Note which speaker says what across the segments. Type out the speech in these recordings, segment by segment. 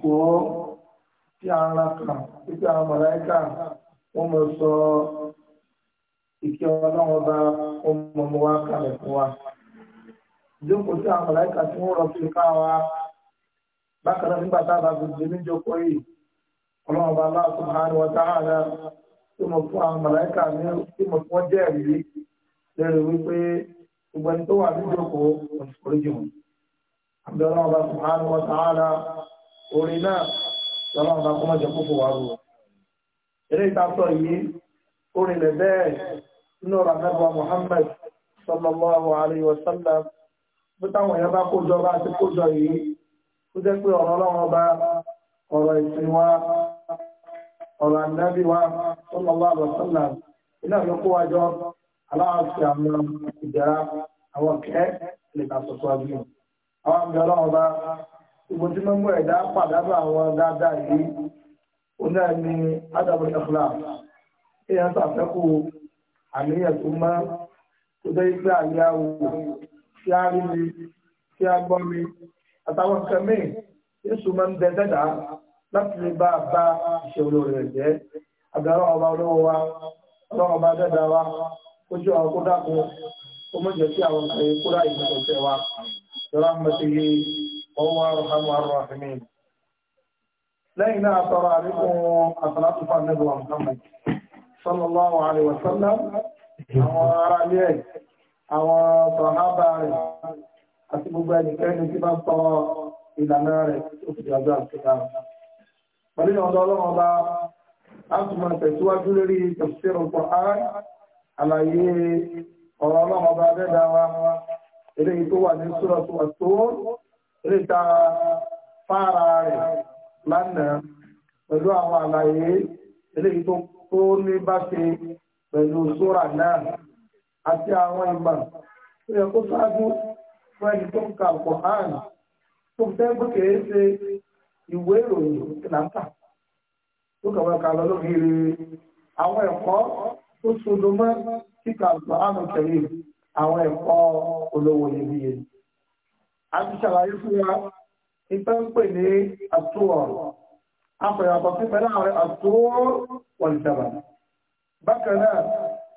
Speaker 1: ipò tí ara kà títí àwọn mọ̀láìkà wọ́n mọ̀ sọ ìkí ọlọ́run ọba ọmọ wa kalẹ̀ fún wa. Ìjókòó tí àwọn mọ̀láìkà tí wọ́n rọ sí ká wa bákan náà nígbà tá a bá gbèsè níjókòó yìí ọlọ́run ọba Allah subhanahu wa ta'ala tí mo fún àwọn mọ̀láìkà ní tí mo fún wọn jẹ́rìí lérò wípé gbogbo ẹni tó wà níjókòó kò orí jù wọn. Àbẹ̀rẹ̀ ọba subhanahu wa ta'ala. orin náà lọ́nà ọba kó mọ́jọ kó fò wá rú. Eré ìtàtọ̀ yìí, orin lè bẹ́ẹ̀ nínú ọ̀rọ̀ mẹ́bọ̀ Muhammad sallallahu alayhi wa Bí táwọn èèyàn bá ti kójọ yìí, jẹ́ pé ọ̀rọ̀ ọba, ọ̀rọ̀ ìsìn wa, ọ̀rọ̀ ànábì wa ṣùgbọ́n tí mọ́mú ẹ̀dá pàdánù àwọn dáadáa yìí oní ẹni adamu ìṣẹ̀fúlà èèyàn ṣàfẹ́kù àníyàn tó mọ́ tó dé igbá àyà wò tí a rí mi tí a gbọ́ mi àtàwọn nǹkan míì yéṣu máa ń bẹ dẹ́dà láti lè bá a bá ìṣòro rẹ̀ jẹ́ àgbàrá ọba olówó wa ọlọ́run ọba dẹ́dà wa ojú àwọn kó dákun ó mọ̀ jẹ́ sí àwọn nǹkan kó ráyè nípa wa. Ìjọba وهو أرحم الراحمين لئن أثر عليكم الصلاة فالنبي محمد صلى الله عليه وسلم àwọn ará ilé ẹ̀ àwọn sọ̀hábà rẹ̀ àti gbogbo ẹnikẹ́ni tí bá tọ ìlànà rẹ̀ tó fi àjọ àkíkà pẹ̀lú ọ̀dọ́ ọlọ́run ọba a tún máa tẹ̀síwájú lórí tafsir al-Qur'an àlàyé ọ̀rọ̀ ọlọ́run ọba abẹ́dá wa eléyìí tó wà ní Suratu At-Tur ríta fara rẹ̀ lánàá pẹ̀lú àwọn àlàyé eléyìí tó tó ní bá ṣe pẹ̀lú sóra náà àti àwọn ìmọ̀ tó yẹ kó ṣáájú fún ẹni tó ń ka Al-Qur'an tó bó ṣe ìwé ìròyìn kìláńtà tó kàwé lọ àwọn a ti ṣàlàyé fún wa ìpẹ́ ń pè ní àtúwọ̀ afẹ̀yàtọ̀ sí pẹ̀lú àwọn àtúwọ̀ wọ̀lìjàbà bákan náà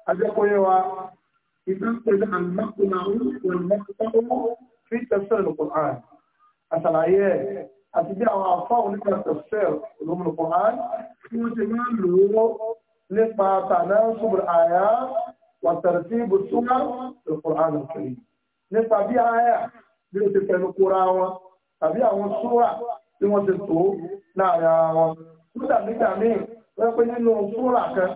Speaker 1: ajẹ́kọ̀ọ́yẹ wa ìpẹ́ ń pè ní àmọ́kùnà wọ̀lìmọ́kùnà fi tẹ̀sẹ̀ lùkùn àn àṣàlàyé ẹ̀ àti bí àwọn afọ́ onípa tẹ̀sẹ̀ lùkùn àn tí wọ́n ti máa ń lò bí ó ti pẹ̀lú kóra wọn tàbí àwọn súrà tí wọ́n ti tó láàrin ara wọn nígbà nígbà míì wọ́n pé nínú súrà kan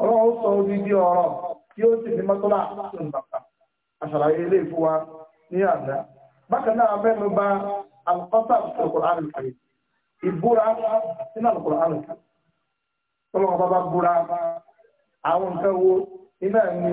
Speaker 1: ọlọ́run sọ odidi ọ̀rọ̀ tí ó sì ní mọ́tọ́lá àtúntò bàbá àṣàlàyé ilé ìfún wa ní àná bákan náà mẹ́nu bà alùpàtà àlùkòrò àlùkàyè ìbúra sínú àlùkòrò àlùkàyè ọlọ́run bàbá búra àwọn nǹkan wo iná ní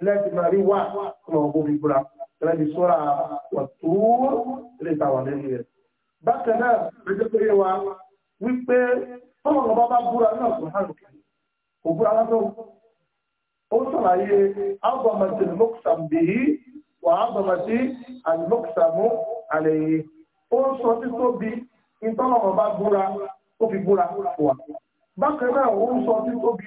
Speaker 1: láti máa rí wà ọmọ ogun mi búra láti sọ́ra wàtú lè ta lẹ́nu rẹ̀. bákan náà wa wípé tọ́lọ̀ ọba bá búra náà kò hàn kò búra lọ́dọ̀ ó sàlàyé ábàmàtì mọ́kùsàmbìí wà ábàmàtì àlùmọ́kùsàmù àlẹ́yìn ó sọ títóbi ìtọ́lọ̀ ọba búra ó fi búra wà bákan ó sọ títóbi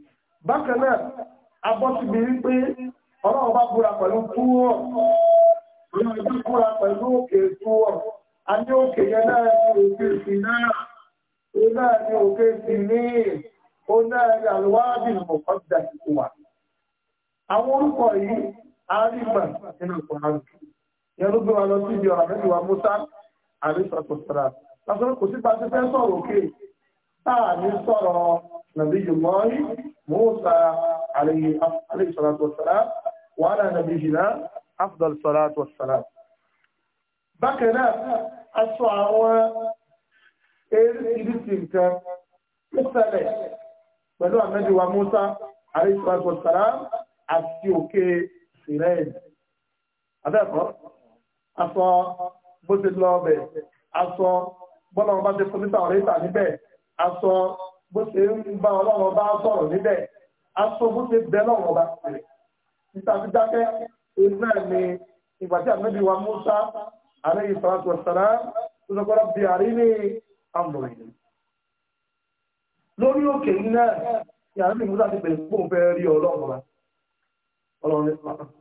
Speaker 1: bákan náà abọ́síbi wípé ọlọ́run bá búra pẹ̀lú túwọ̀ lórí búra pẹ̀lú òkè túwọ̀ a ní òkè yẹn náà ní òkè sí náà ó náà ní òkè sí ní ó náà ní àlùwáàbì nìkan ọjà ìkú wa àwọn orúkọ yìí a rí gbà nínú ìkọ̀ọ̀rọ̀ yẹn ló gbé wa lọ sí ibi ọ̀rọ̀ mẹ́jọ wa Musa àríṣàtò sara lásán kò sí pàṣẹ fẹ́ sọ̀rọ̀ òkè táà ní sọ̀rọ̀ nàbí yìí mọ́ yìí موسى عليه الصلاة والسلام وعلى نبينا أفضل الصلاة والسلام بكنا الصعوة الاسلام مثلا pẹ̀lú àmẹ́bí wa Musa عليه الصلاة والسلام àti òkè Sinai abẹ́ẹ̀kọ́ aṣọ bó ti lọ bẹ̀ aṣọ bọ́lá wọn bá ti fún bó ṣe ń bá ọlọ́run bá sọ̀rọ̀ níbẹ̀ aṣọ bó ṣe bẹ lọ́rùn bá ṣẹlẹ̀ níta fi dákẹ́ òun náà ni ìgbà tí ànábì wa Musa alayhi salatu wassalam tó sọ pé bí àrí ní àmọ̀ ìlú. lórí òkè yìí náà ni ànábì Musa ti bẹ̀rẹ̀ fún òfẹ́ rí ọlọ́run bá ọlọ́run ní pàtó ah,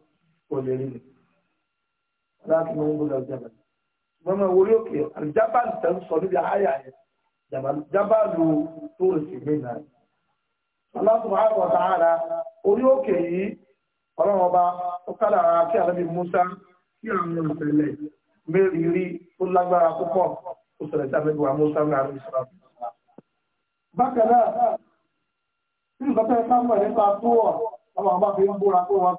Speaker 1: kò lè rí mi láti mọ ohun tó jẹ́ bẹ̀rẹ̀. ṣùgbọ́n mo òkè àlùjábà Jabalu tó rèsì gbéná Allah subhanahu orí òkè yìí ọlọ́run ó kádàrá kí àlẹ́bí Musa kí àwọn ìṣẹ̀lẹ̀ mẹ́rin rí ó lágbára púpọ̀ ó ṣẹlẹ̀ sí Musa ní àrùn ìṣẹ̀lẹ̀ tí nípa tó ọ̀ ọmọ ọba fi ń búra tó wa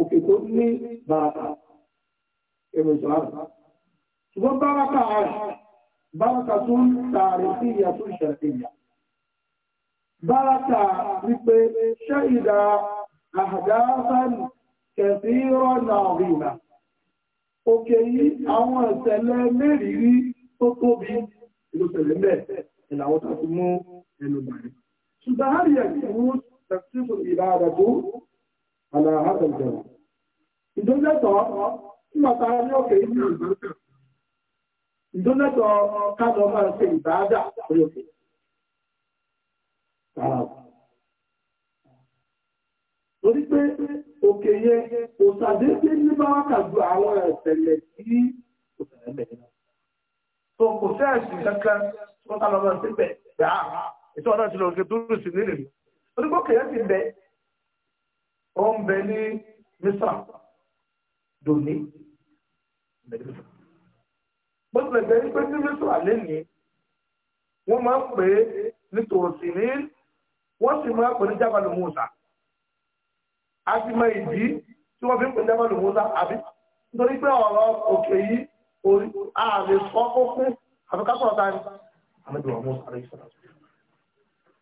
Speaker 1: òkè tó ní bàràkà èrò ìsìláàmù ṣùgbọ́n bàràkà rẹ̀ bàràkà tó ń tààrí sí ìyà tó ìṣẹ̀lẹ̀ ìyà bàràkà wípé ṣẹ́ ìdá àhàdáfánì kẹfì rọ́nà rìnà òkè yìí àwọn ìṣẹ̀lẹ̀ mẹ́rìírí tó tóbi ìlúṣẹ̀lẹ̀ mẹ́ ìlàwọ́ على torí pé òkè yẹ òṣàdédé ní báwákà ju àwọn ẹ̀sẹ̀lẹ̀ tí òṣèlẹ̀ tó kò fẹ́ ẹ̀sìn tó kálọ̀ máa sí nílẹ̀ torí pé òkè ó ń bẹ ní mísà dòní bó tilẹ̀ jẹ́ wípé ní mísà lẹ́nìí wọ́n máa ń pè é nítòsí ní wọ́n sì máa ń pè ní jábàlù mùsà a ti mọ ìdí tí wọ́n fi ń pè ní jábàlù mùsà àbí nítorí pé ọ̀rọ̀ òkè yìí orí ààrẹ sọ ó kún àfikásọ̀ ọ̀tá ni àmẹ́dùwà mùsà àrẹ ìṣẹ̀lẹ̀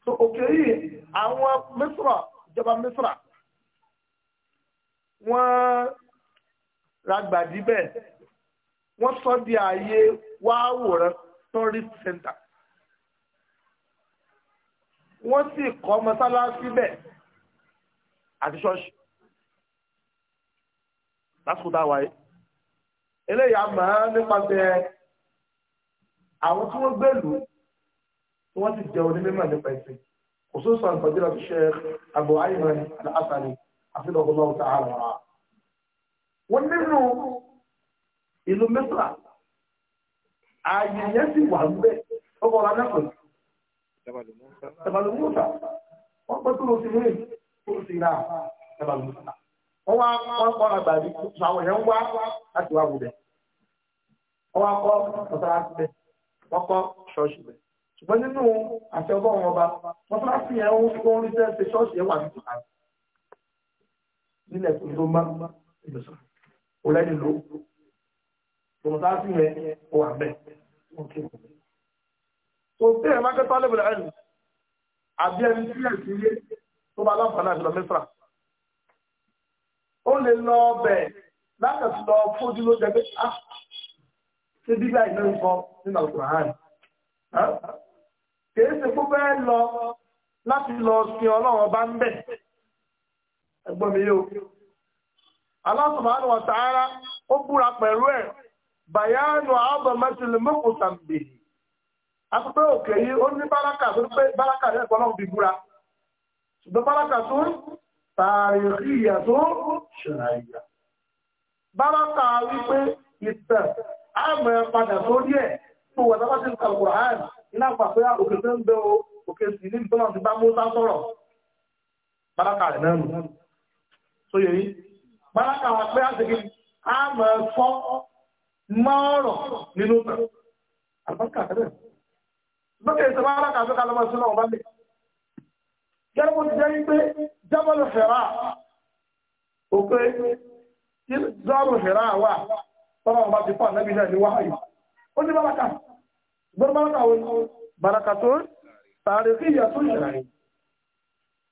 Speaker 1: so òkè yìí àwọn mísà ìjọba mísà wọ́n ragbàdí bẹ́ẹ̀ wọ́n sọ di ààyè wáwòrán tourist center wọ́n sì kọ́ mọ́sálásí bẹ́ẹ̀ àti ṣọ́ọ̀ṣì lásìkò tá a wáyé eléyà mọ̀ ọ́n nípasẹ̀ àwọn tí wọ́n gbèlú tí wọ́n ti jẹ́ onímọ̀ nípa ẹ̀sìn kò sóòsàn ìfọ̀jìlá fi ṣe àbò ayé rẹ̀ àti àṣà rẹ̀ àfihàn ta'ala wa wọn nínú ìlú Mísírà ààyè yẹn sì wà ń bẹ ọkọ̀ ọ̀la náà pẹ̀lú tẹ̀bàlù Mùsà wọ́n pẹ́ tó lọ sí ilé tó sì ra tẹ̀bàlù Mùsà wọ́n wá wọ́n kọ́ ọ̀la gbàdí àwọn yẹn ń wá láti wá wù bẹ̀ wọ́n wá kọ́ ọ̀sára sí bẹ̀ wọ́n kọ́ ṣọ́ọ̀ṣì bẹ̀ ṣùgbọ́n nínú àṣẹ ọgọ́rùn-ún ọba wọ́n fẹ́ fi ẹ̀ ń rí sẹ́ẹ̀sì ṣọ́ọ̀ṣì ẹ̀ wà ní nílẹ̀ tó tó má ìgbésọ̀ ó lẹ́yìn ló tòun tá a sì yẹn ó wà bẹ́ẹ̀ ok tó tẹ́ ẹ̀ máa kẹ́tọ́ lẹ́bùrẹ̀ ẹ̀rù àbí ẹni tí ẹ̀ sí yé tó bá láǹfààní àti lọ mẹ́fà ó lè lọ ọbẹ̀ láti lọ fojú ló jẹ pé a ah, ṣe bíbá ìlú nǹkan nínú àwòrán hàn kì í ṣe kó fẹ́ lọ láti lọ sin ọlọ́run ọba ń bẹ̀ ẹgbọ́n mi yóò Allah subhanahu wa ta'ala ó búra pẹ̀lú ẹ̀ bayanu azamatil muqsam bihi àtúpẹ́ òkè yìí ó ní báràkà tó pé báràkà rẹ̀ gbọ́nà bí búra ṣùgbọ́n báràkà tó tààrí ìyà tó ṣẹlẹ̀ ìyà báràkà wípé ìtẹ̀ àmọ́ ẹ̀ padà sórí ẹ̀ tó wà tábà sí Al-Qur'an iná pàpẹ́ òkè tó ń bẹ òkè sí ní ìtọ́nà ti bá mú sá sọ̀rọ̀ báràkà rẹ̀ náà tó yẹ yín bárakà wà pé àṣekí a mọ̀ ẹ́ fọ́ mọ́ọ̀rọ̀ nínú kan? àbákà rẹ̀ bókè ìṣẹ́ bárakà tó kà lọ́mọ sí náà bá lè gẹ́gẹ́ bó ti jẹ́ pé jábọ̀lù fẹ̀rà òkè tí zọ́ọ̀rù fẹ̀rà wà tọ́lọ̀ bá ti pọ̀ nẹ́bí náà ní wáhàyè ó ní bárakà gbọ́dọ̀ bárakà wọn bárakà tó tààrí kí ìyà tó yẹ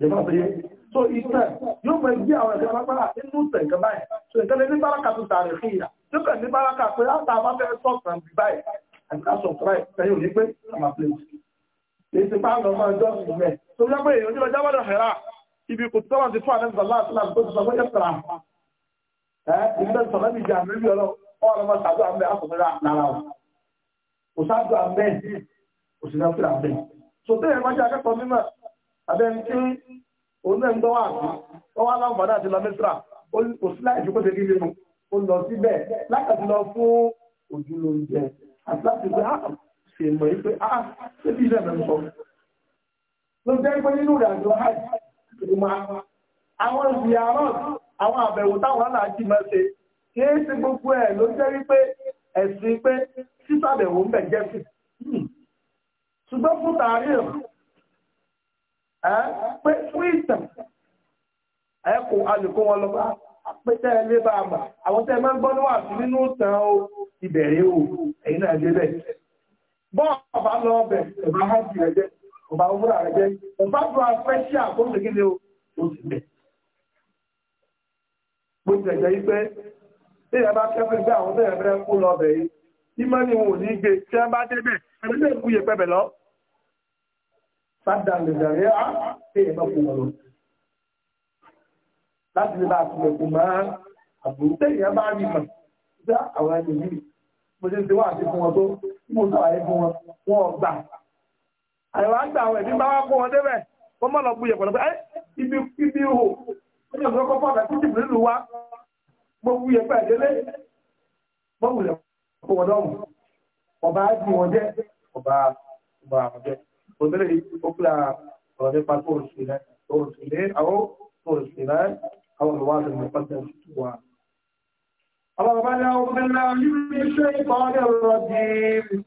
Speaker 1: so ìtàn yóò mọ ẹgbẹ́ àwọn ẹ̀sẹ̀ lágbára nínú ìtàn ìkan báyìí so ìtàn ní báràkà tó tààrẹ̀ fún ìyà yóò kàn ní báràkà pé láta bá fẹ́ sọ̀tàn bí báyìí àti ká sọ̀tàn báyìí tẹ̀yìn òní pé àmà plẹ̀tì èyí ti pààlọ́ ọmọ ẹjọ́ sùn mẹ́ tó bí wọ́n pé èyí ọjọ́ wọ́n lọ hẹ̀rà ibi kò tọ́wọ́ ti fún àdébùsọ̀ láàtúnà tó ti sọ pé yẹ́sàrà ẹ̀ ìgbẹ́ sọ̀rọ̀ mi jà mí ọlọ́ ọ̀rọ̀ mọ́ sàdúrà mẹ́ àkùnrin lára abẹ́ni tí òun ń gbọ́ sí wọ́n wá àti lọ mísírà sí láì mu ó lọ síbẹ̀ lákàtí lọ fún ojú ló ń jẹ àti láti pé a ah, ṣe mọ̀ pé a ah, ṣe bí ilẹ̀ mẹ́rin sọ. ló jẹ́ pé nínú ìrìn àjò hajj ìmọ̀ àwọn ìyàrá àwọn àbẹ̀wò táwọn aláàjì máa ṣe ṣe gbogbo ẹ̀ ló jẹ́ ẹ̀sìn pé sísàbẹ̀wò ń bẹ̀ jẹ́ sí. Hmm. pé fún ìtàn ẹ kò alùkó wọn lọ bá pété ẹlé bá a mà àwọn tẹ́ ẹ máa ń gbọ́ ní nínú ìtàn o ìbẹ̀rẹ̀ o ẹ̀yin náà lé bẹ̀. bọ́ọ̀ bá lọ bẹ̀ ọba hajj rẹ jẹ́ ọba wúrà rẹ jẹ́ ọba tó a fẹ́ ṣí àkóso kí ni o ó sì bẹ̀. bó tilẹ̀ jẹ́ pé bí ẹ bá kẹ́fẹ́ gbé àwọn tó yẹ fẹ́ kó lọ bẹ̀ yìí ìmọ̀ ni wọn ò ní gbé tí wọ́n bá débẹ̀ ẹ̀mí sádà lè dàrí á pé ẹ̀bá kò wọ́n lọ. Láti lè bá àtìlẹ̀kùn máa àbúrú tẹ́yìn bá rí mà sí àwọn ẹni yìí. Mo ṣe ń ṣe wá àti fún wọn tó tí mo sàlàyé fún wọn, wọn ò gbà. Àyẹ̀wò àgbà àwọn ẹ̀mí bá wá kó wọn débẹ̀, wọ́n mọ̀ lọ buyẹ̀ pẹ̀lú pé ẹ́ ibi ibi Ó ní ìṣòro kọ́kọ́ ọ̀gá títì nílùú wa. Mo wuyẹ̀ pẹ̀ délé. Mo wulẹ̀ kó Ọba á di wọn jẹ́, ọba ọba jẹ́. وبالتالي أقول طريقة ترسلات ترسلين أو ترسلات أو الوعد المقدس هو اللهم أعوذ بالله من الشيطان الرجيم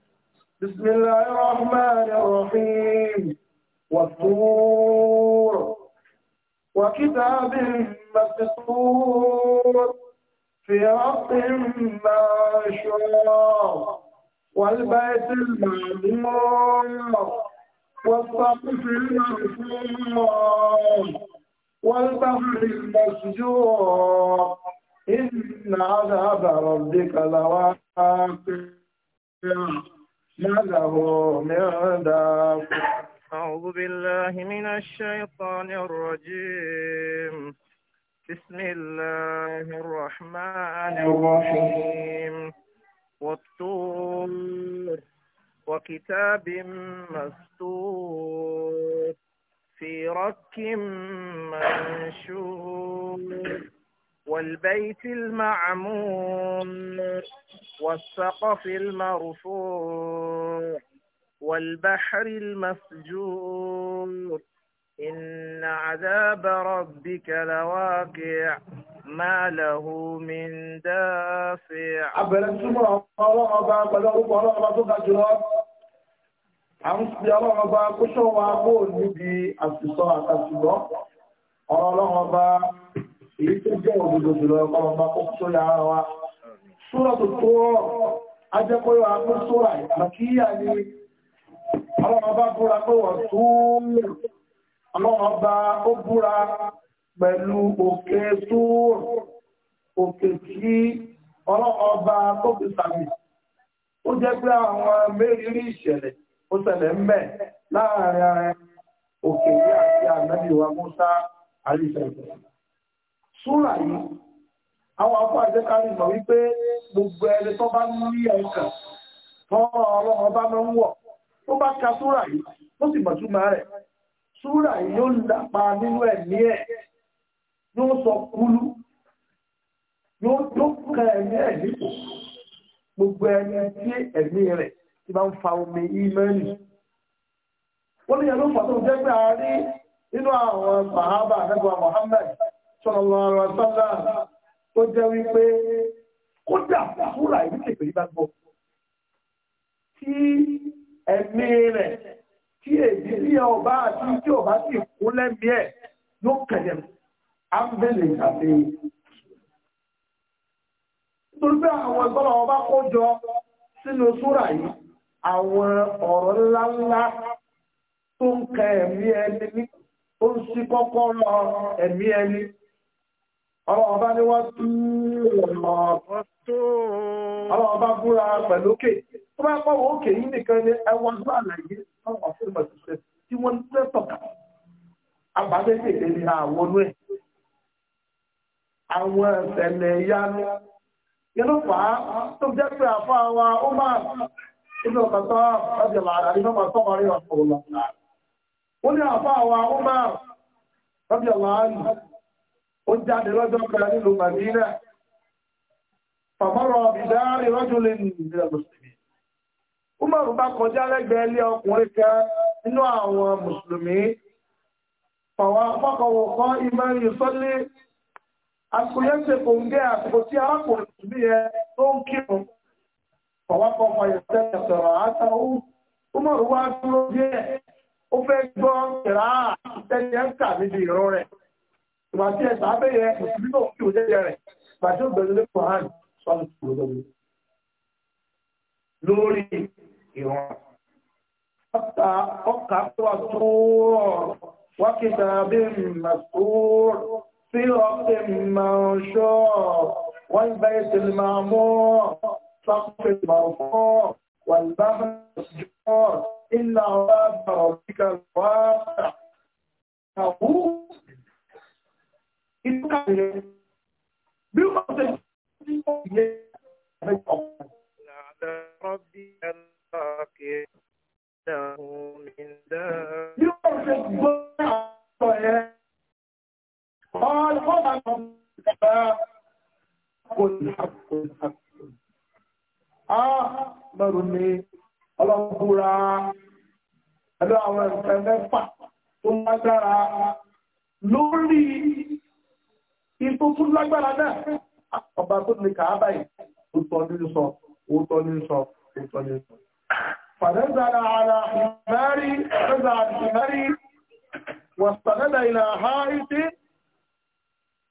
Speaker 1: بسم الله الرحمن الرحيم والطور وكتاب مسطور في رق منشور والبيت المعمور والطقف المغفور والبحر المسجور إن عذاب ربك
Speaker 2: لواقع ما له من دافع أعوذ بالله من الشيطان الرجيم بسم الله الرحمن الرحيم والطور وكتاب مستور في رك منشور والبيت المعمون والسقف المرفوع والبحر المسجور إن عذاب ربك لواقع ما له من دافع abẹ̀rẹ̀ túmọ̀
Speaker 1: ọlọ́run ọba pẹ̀lú orúkọ ọlọ́run ọba tó ga jùlọ à ń fi ọlọ́run ọba kó ṣọ́ wa kó níbi àṣìṣọ àtàṣùgbọ́ ọ̀rọ̀ ọlọ́run ọba èyí tó jẹ́ òdodo jùlọ ọlọ́run ọba kó tó lè ara wa súrọ̀ tó tó rọ̀ ajẹ́kọ̀ọ́ àpò sóra àkíyà ni ọlọ́run ọba búra pé wọ́n tó ọlọ́run ọba ó búra pẹ̀lú òkè tó òkè tí ọlọ́ọba tó fi sàmì ó jẹ́ pé àwọn mérírí ìṣẹ̀lẹ̀ ó ṣẹlẹ̀ ń láàrin òkè ní àti ànábì Musa àríṣẹ̀lẹ̀ yìí àwọn afọ àjẹkárí mọ̀ wípé gbogbo ẹni tó bá ẹ̀kàn tọ́rọ ọlọ́ọba wọ̀ tó ka yìí ó sì mọ̀túmọ̀ rẹ̀ yìí yóò lápa yóò sọ kúlú yóò tó ka ẹ̀mí ẹ̀mí kò gbogbo ẹni tí ẹ̀mí rẹ̀ ti bá ń fa omi ìmẹ́lì. wọ́n ní ẹ̀lú fọ́tò jẹ́ pé a rí nínú àwọn sàhábà àdẹ́gbà Muhammad sallallahu alaihi wasallam tó jẹ́ wípé kódà fúra ìlú kèfèrí bá gbọ́ tí ẹ̀mí rẹ̀ tí èdè rí ọba àti tí ọba sì kú lẹ́mí ẹ̀ yóò kẹ̀lẹ̀ mọ́ a ń bèèrè àti nítorí pé àwọn ẹgbọ́n àwọn bá kó jọ sínú súrà yìí àwọn ọ̀rọ̀ ńláńlá tó ń kẹ ẹ̀mí ẹni ní ó ń sí kọ́kọ́ lọ ẹ̀mí ẹni ọlọ́ọ̀bá ní wá tú
Speaker 2: ọlọ́ọ̀bá búra pẹ̀lú
Speaker 1: òkè tó bá pọ̀ òkè yìí nìkan ní ẹwọ́n tó àlàyé ọ̀pọ̀ fún ìmọ̀ tí wọ́n ń tẹ́tọ̀ka àgbàdo èdè ní àwọn ẹ̀sẹ̀lẹ̀ ìyanu nínú fàá tó jẹ́ pé àfá wa ó máa inú ọ̀kọ̀tọ́ ọjọ́ àrà ní mọ́mọ́ sọ́kọ̀rí ọ̀pọ̀lọ̀ ó ní àfá wa ó máa ọjọ́ láàrín ó jáde lọ́jọ́ kan fàmọ́rọ̀ ìdárí lè ní mùsùlùmí àsìkò yẹn ṣe kò ń gẹ́ àsìkò tí arákùnrin bí ẹ tó ń kírun ọ̀wápọ̀ ọmọ ìṣẹ́ ìṣẹ̀rọ̀ àtàwọn Umaru wá dúró díẹ̀ ó fẹ́ gbọ́ ìrà àtẹ́ni ẹ̀ ń kà níbi ìrọ̀ rẹ̀ ìgbà tí ẹ̀sà abẹ́yẹ mùsùlùmí náà kí lórí ìrọ̀ ọ̀tà ọkà tó wà tó rọ̀ wákìtà bí màsúrù صراط منشور والبيت المعمور سقف المرفوع والبحر مسجور إلا عذاب ربك الواقع
Speaker 2: ربي الواقع له من دار
Speaker 1: قال قال حق الحق الحق أخبر من الأبورا ẹ̀lọ́ àwọn ẹ̀fẹ́ mẹ́fà tó lágbára lórí ipò tó lágbára náà ọba tó ní kàábà yìí òtọ́ ní sọ òtọ́ ní sọ òtọ́ ní sọ. فنزل على حماري نزل على حماري واستند إلى حائط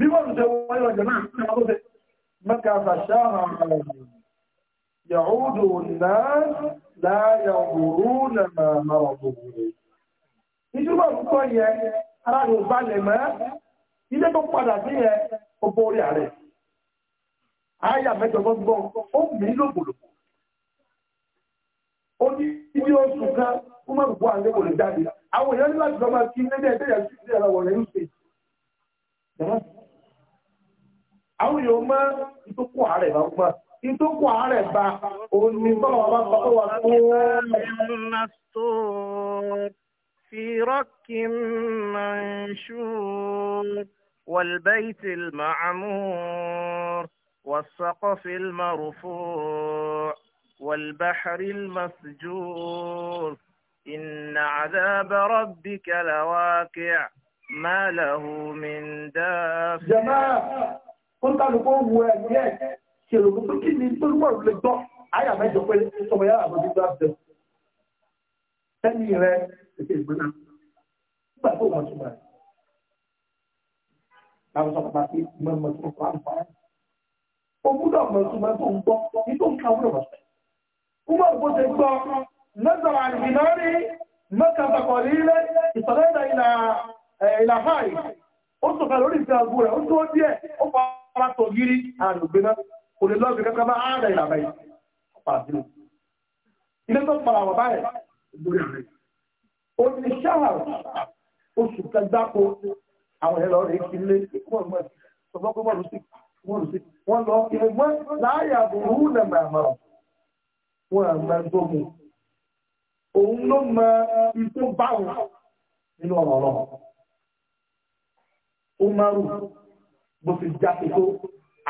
Speaker 1: bí wọ́n ti sẹ́wọ́ wáyé ọjọ́ náà ní ọmọ tó fẹ́ mẹ́ka fàṣà àwọn yàhúdù náà láyà òwúrú lẹ́nà máa òwúrú. ìjọba òkúkọ yẹ ara rẹ̀ balẹ̀ mọ́ ilé tó padà sí yẹ ó borí ààrẹ. àyà mẹ́jọ gbọ́ngbọ́n ó mí lògbòlògbò. ó ní ibi oṣù kan ó má gbogbo àwọn ẹgbẹ́ kò jáde. àwọn èèyàn ní láti lọ kí ilé ẹgbẹ́ sí ẹ̀rọ wọ̀nyẹn ń pè. àwọn èèyàn mọ́ ìtókù ààrẹ bá ń pọ̀ ìtókù ààrẹ bá òun ni bá wà
Speaker 2: tó في رك منشور والبيت المعمور والسقف المرفوع والبحر المسجور إن عذاب ربك لواقع ما له من دافع جماعة
Speaker 1: ó ń tàbíkó wu ẹ̀mí ẹ̀ ṣe rògbò pé kí ni tó ń pọ̀rọ̀ lè gbọ́ àyà mẹ́jọ pé sọmọ yàrá àbójú tó àbẹ̀ sẹ́yìn rẹ̀ ètò ìgbóná nígbà tó wọ́n túmọ̀ rẹ̀ láwọn sọ pàtàkì ìmọ̀ ìmọ̀ tó kọ́ àǹfààní ó gbúdọ̀ mọ̀ ìtumọ̀ tó ń gbọ́ ní tó ń ka wúlò wọ̀ Kúmọ̀ bó ṣe gbọ́ lọ́sọ̀rọ̀ àìsìnárì mọ́kànlọ́kọ̀ọ́lì ilé ìsọ̀lẹ́dà ìlà ààyè. Ó sọ̀kà lórí ìfẹ́ àgbò rẹ̀, ó tó díẹ̀, ó pa pátó gírí àrùgbéná kò lè lọ́gbẹ̀ kankan bá ààrẹ ìlànà yìí ọ̀pá àdínà ilé tó padà wà báyẹ̀ lórí rẹ̀ ó ti ṣáà oṣù kẹgbàpọ̀ àwọn ẹ̀rọ rẹ̀ kí lé wọ́n lọ ìwọ̀n láàyè àbúrú lẹ́mọ̀ àmọ́ wọn àgbà gbogbo òun ló mọ ikú báwọn nínú ọ̀rọ̀ ọ̀rọ̀ Umaru bó ti jáde tó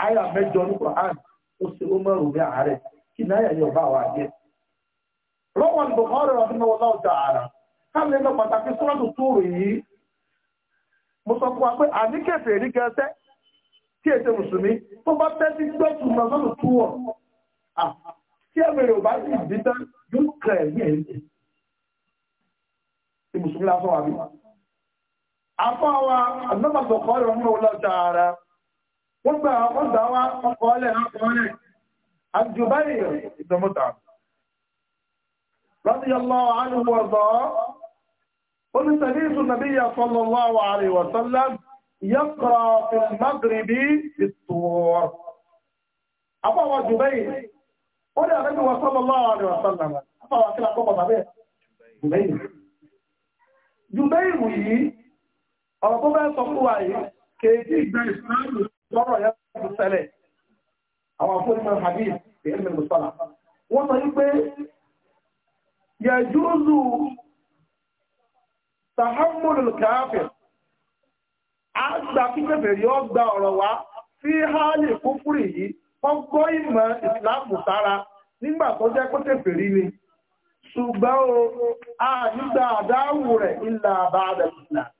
Speaker 1: àyà mẹ́jọ ní Quran ó ṣe ó mọ̀rù ní ààrẹ kí náyà yóò bá wa jẹ́. rọ́wọ́n Bukhari rọ̀ nínú ọlá ọjà àrà káàmì ẹgbẹ́ pàtàkì sọ́rọ́tù tóòrò yìí mo sọ fún wa pé àníkèfè ní gẹ́sẹ́ tí ètò mùsùlùmí tó bá tẹ́tí gbẹ́tù lọ́sọ́rọ̀ túwọ̀ tí ẹ̀mẹ̀rẹ̀ ò bá sì dídá yóò kẹ̀ ní ẹ̀yìn tí mùsùlùmí lásán wà bí wọn àfọwà àgbẹ́bàbọ̀ kọ́ ìrọ̀mú ọlọ́tàára wọ́n gbà wọ́n gbà wá ọkọ̀ ọlẹ̀ akọ̀ọ́lẹ̀ àjùbáyé ìdọ̀mọ́ta radiyallahu anhu ọ̀dọ́ olùsẹ̀lẹ́sù nabiyya sallallahu alaihi wa sallam yaqra fil maghribi bit-tur àfọwà jùbáyé ó dẹ̀ àrẹ́bí wa sallallahu alaihi wa sallam àfọwà kí ọ̀rọ̀ tó bẹ́ẹ̀ sọ fún wa yìí kéèjì ìgbà ìsìláàmù lọ́rọ̀ yẹn ti ṣẹlẹ̀ àwọn afúnimọ̀ habib bẹ́ẹ̀ ní mùsọ́là wọ́n sọ wípé yẹjúrúzù tahammulul káfíìn àgbà kíkẹ́fẹ̀ yóò gba ọ̀rọ̀ wá fi hálì kúfúrì yìí ọgbọ́ ìmọ̀ ìsìláàmù sára nígbà tó jẹ́ kó tẹ̀fẹ̀ rí ni ṣùgbọ́n o a nígbà àdáwù rẹ̀ ìlà àbáadà ìsìláàmù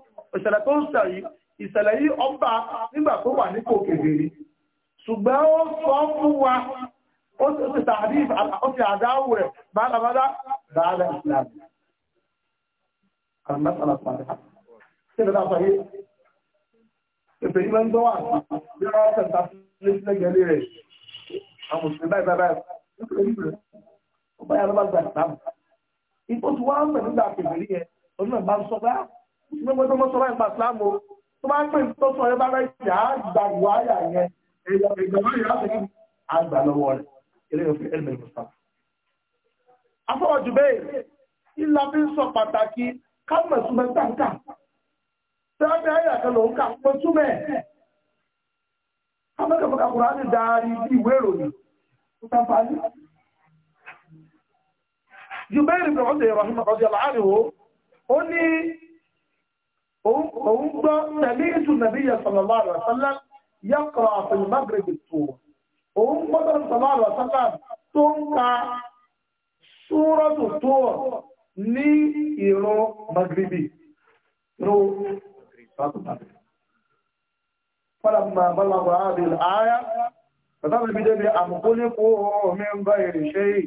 Speaker 1: ìṣẹ̀lẹ̀ tó ń sẹ̀ yìí ìṣẹ̀lẹ̀ yìí ọba nígbà tó wà nípò kèbèrè ṣùgbọ́n ó sọ fún wa ó ti tàbí ó ti àdáwò rẹ̀ bálabálá bàálà ìsìlámù àmọ́sàlá pàdé ṣe lọ́dá pàdé ìpèyí máa ń gbọ́ wà bí wọ́n fẹ́ ta lẹ́sílẹ̀gẹ̀lẹ́ rẹ̀ àwọn òṣèlú báyìí báyìí báyìí ó báyà lọ́bàgbà ìsìlámù ipò tí wọ́n ń pẹ̀lú ìgbà kèbèrè yẹn ọdún náà bá ń sọ báyà gbogbo tó mọ́ sọ láì pàṣámù tó bá ń pè tó sọ ẹ bá rẹ̀ jà á gbà wà yà yẹn ìjọba yà á àgbà lọ́wọ́ rẹ̀ ilé òfin elmer mustaf. afọwọ́jú bẹ́ẹ̀ ìlà fi ń sọ pàtàkì kámọ̀ súnmọ́ táǹkà tẹ́lẹ̀ bí ayé àkàlọ̀ ń kà pọ̀ súnmọ́ ẹ̀. amẹ́kọ̀ọ́kọ̀ kàkùrọ̀ á ti darí bí ìwé ìròyìn tó tán parí. jùbẹ́ẹ̀rì bẹ̀rẹ̀ ọ̀sẹ̀ ìrọ̀hìn ọ̀sẹ̀ òun gbọ́ tẹ̀lé ìtù nàbíyà sallallahu alaihi wasallam yaqra fil maghrib at-tur òun gbọ́dọ̀ sallallahu alaihi wasallam tó ń ka súrọ́tù tó ní ìrun magribi ro فلما بلغ هذه الآية فذهب بدم أم خلقوا من غير شيء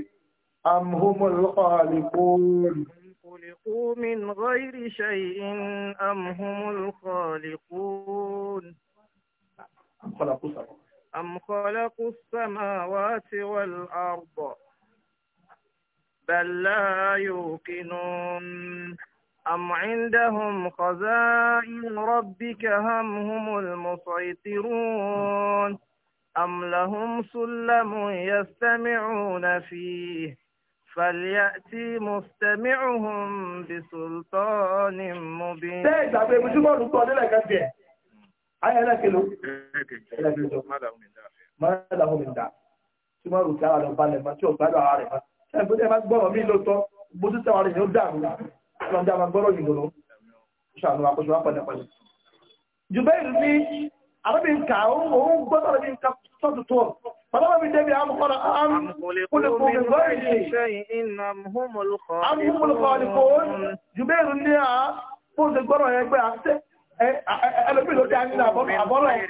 Speaker 1: أم هم الخالقون
Speaker 2: خلقوا من غير شيء أم هم الخالقون أم خلقوا السماوات والأرض بل لا يوقنون أم عندهم خزائن ربك هم هم المسيطرون أم لهم سلم يستمعون فيه فليأتي مستمعهم بسلطان مُبِينٍ. ṣé ìgbàgbé ibi tí wọ́n nílẹ̀ kẹfì ẹ̀? ayé
Speaker 1: ẹlẹ́kẹ̀ló. ẹlẹ́kẹ̀ló mọ́lá omi dà tí wọ́n lù kí ara lọ balẹ̀ mọ́ tí ò gbádùn rẹ̀ mọ́. ẹ̀bùn ẹ̀ máa gbọ́rọ̀ mí ló tọ́ فلما بتابعهم قال أم خلقوا من غير
Speaker 2: شيء أم هم الخالقون أم هم الخالقون
Speaker 1: جبير النيا فوز القرى يا جماعة أنا بقول لك أنا بقول لك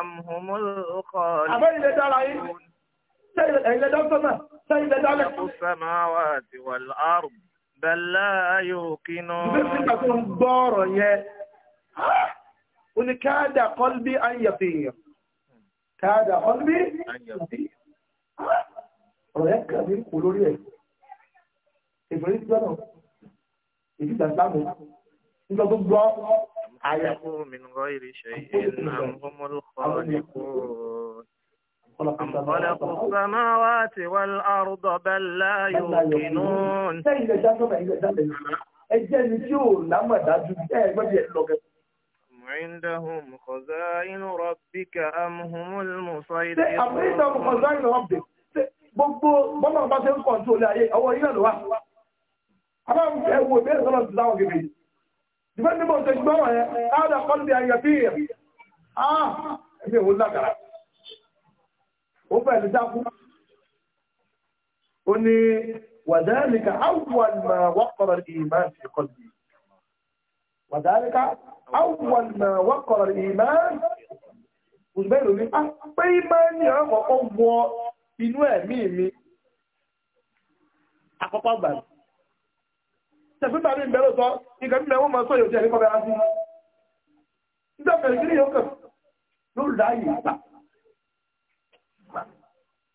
Speaker 2: أم هم الخالقون أما إذا دار إذا دار السماوات والأرض بل لا يوقنون جبير النيا
Speaker 1: فوز القرى ونكاد قلبي أن يطير káàdà ọlọ́bí ọ̀rọ̀ yẹn kà mí kú lórí ẹ̀ ìbẹ̀rẹ̀ ti gbọ́dọ̀ èyí ìgbà sáàmù nígbà tó gbọ́
Speaker 2: àyà. أم خلقوا السماوات والأرض بل لا يوقنون
Speaker 1: ẹjẹ́ ni tí ò lámọ̀ dájú ẹgbẹ́ bí ẹ lọ́gẹ̀
Speaker 2: عندهم خزائن ربك أم هم المسيطرون؟ عندهم خزائن
Speaker 1: ربك؟ بب بب ما ما تعرف كنترول أي أو أي لغة؟ أنا أم في أبو بير خلاص زاوية كبيرة. دفن دم تجمعه هذا قلبي أي كثير. آه في ولا كلا. وفعل ذاك وني وذلك أول ما وقر الإيمان في قلبي. وذلك أول ما وقر الإيمان òṣùbẹ́rù ní ah, pé ìmáàní àkọ́kọ́ wọ inú ẹ̀mí mi àkọ́kọ́ gbà mí tẹ̀síta ní ìbẹ̀rẹ̀ sọ ìgbẹ̀mí mẹ́wọ́n máa sóyò jẹ́ nípa bẹ́ẹ̀ sí nígbà fẹ̀rẹ̀ kí ni yóò kàn ló rà yìí gbà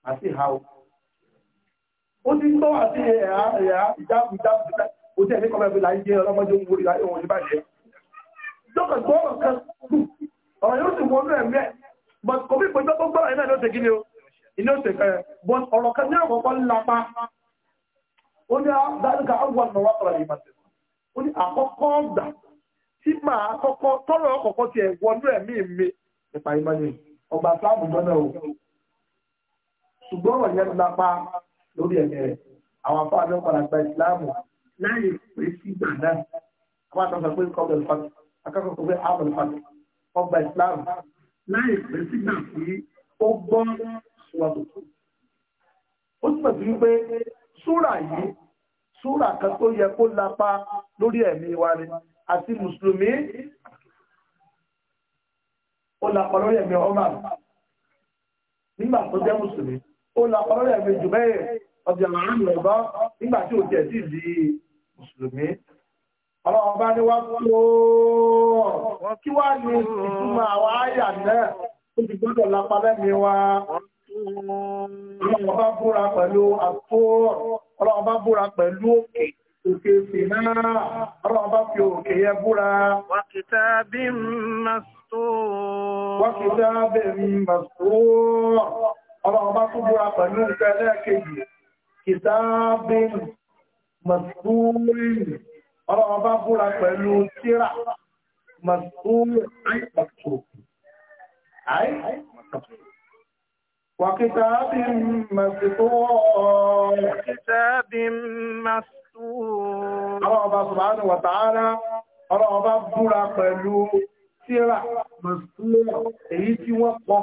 Speaker 1: àti ìhà kò tẹ́ ní kọ́mọ̀ ìpìlà ìjẹ́ ọlọ́mọdé ń gorí ní báyìí lọ́kàn tó ọ̀rọ̀ o iná ó ṣe kẹrẹ but ọ̀rọ̀ kan ní àkọ́kọ́ lápá ó ní dáríkà àwọn ọ̀nà wàtọ̀rọ̀ ìbàdàn ó ní àkọ́kọ́ gbà tí màá kọ́kọ́ tọ́rọ̀ ọkọ̀kọ́ ti ẹ̀ wọnú ẹ̀mí mi nípa ìmọ̀lẹ̀ ọgbà sáàbù lọ́nà o ṣùgbọ́n lórí ẹ̀mí rẹ̀ àwọn afáàmì ọ̀pọ̀ àgbà ìsìláàmù láyè pé sígbà náà àwọn àtàwọn sọ pé kọ́bẹ̀ fàtì akẹ́kọ̀ọ́ sọ pé àbọ̀ fàtì ọgbà Islam láyè pé sígbà tí ó gbọ́ ṣùgbọ́n tuntun. ó túmọ̀ sí wípé súrà yìí súrà kan tó yẹ kó lapa lórí ẹ̀mí wa ni àti mùsùlùmí ó lapa lórí ẹ̀mí ọmọ nígbà tó jẹ́ mùsùlùmí ó lapa lórí ẹ̀mí jùbẹ́yẹ̀ ọ̀dẹ̀ àwọn àmì ọ̀bá nígbà tí ò tẹ̀ sí ìdí mùsùlùmí ọlọ́run bá ní wá fúlò kí wá ní ìtumọ̀ àwọn àyà náà ó ti gbọ́dọ̀ lápá lẹ́mí wa ọlọ́run bá búra pẹ̀lú àpò ọlọ́run bá búra pẹ̀lú òkè òkè sínà ọlọ́run bá fi òkè yẹ búra wa kitabim mastur wa kitabim mastur ọlọ́run bá tún búra pẹ̀lú ìfẹ́ lẹ́ẹ̀kejì kìtàbí mọ̀súúrì ọlọ́wọ́ bá búra pẹ̀lú tíra mọ̀súúrì
Speaker 2: àìpàtò
Speaker 1: àìpàtò
Speaker 2: وكتاب مسطور وكتاب مسطور ọlọ́ọ̀bá
Speaker 1: subhanahu wa ta'ala ọlọ́ọ̀bá búra pẹ̀lú tíra mọ̀súúrì èyí tí wọ́n pọ̀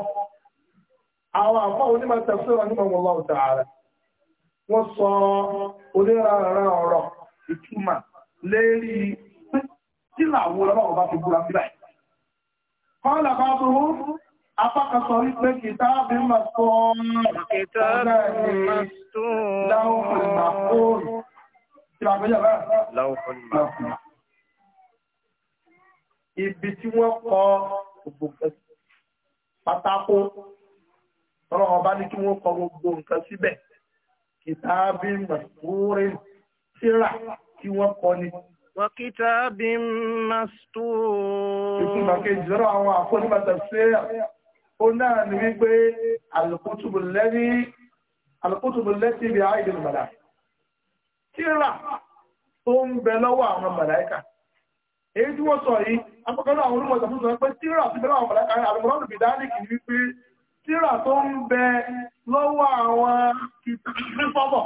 Speaker 1: àwọn àfọ́ onímọ̀ tafsir nímọ̀ wọ́lọ́wọ́ tààrà wọ́n sọ onírànrà ọ̀rọ̀ ìtumà lérí tí làwọn ọlọ́wọ́ bá fi búra bíbà yìí. kọ́lá bá tó wọ́n apákasọ wípé kìtàbí mọ̀tò kìtàbí mọ̀tò láwùfẹ́ màkóòrù Ibi tí wọ́n kọ pátákó, ọlọ́wọ́ bá ní kí wọ́n kọ gbogbo nǹkan síbẹ̀ kìtàbí mọ̀sùrì síra tí wọ́n kọ ni.
Speaker 2: Wọ́n kìtàbí mọ̀sùrì.
Speaker 1: Ìtumọ̀ kejì lọ́rọ̀ àwọn àkónímọ̀tà sí ó náà ni wípé alùkútùbù lẹ́ni alùkútùbù lẹ́tì bí àìdè mọ̀lá. Tíra tó ń bẹ lọ́wọ́ àwọn màláíkà. Èyí tí wọ́n sọ yìí, apọ̀kọ́lọ́ àwọn olùmọ̀tà fún sọ pé tíra ti bẹ lọ́wọ́ àwọn màláíkà tíra tó ń bẹ lọ́wọ́ àwọn kìtìkìtìsọ́bọ̀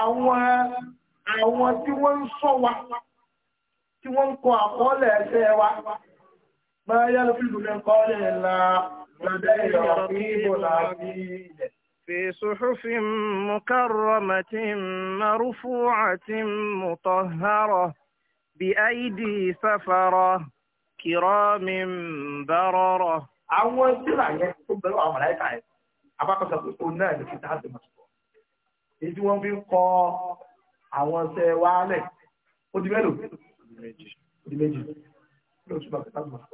Speaker 1: àwọn àwọn tí wọ́n ń sọ wa tí wọ́n ń kọ àkọọ́lẹ̀ ẹ̀ṣẹ̀ wa máa
Speaker 2: yá lọ fílùú lẹ́ kọ́ọ́lẹ̀ ńlá lọ́dẹ́ ìrọ̀ fún ìbò láàbí ilẹ̀. في صحف مكرمة مرفوعة مطهرة بأيدي سفرة كرام بررة àwọn tíra yẹn tó bẹ̀rù àwọn màláìka yẹn abákọ̀sọ pé òun
Speaker 1: náà ní kíta àti mọ̀tò èyí tí wọ́n fi ń kọ́ àwọn ṣe wálẹ̀ ó di mélòó ó di méjì nínú òtúmọ̀ kíta mọ̀tò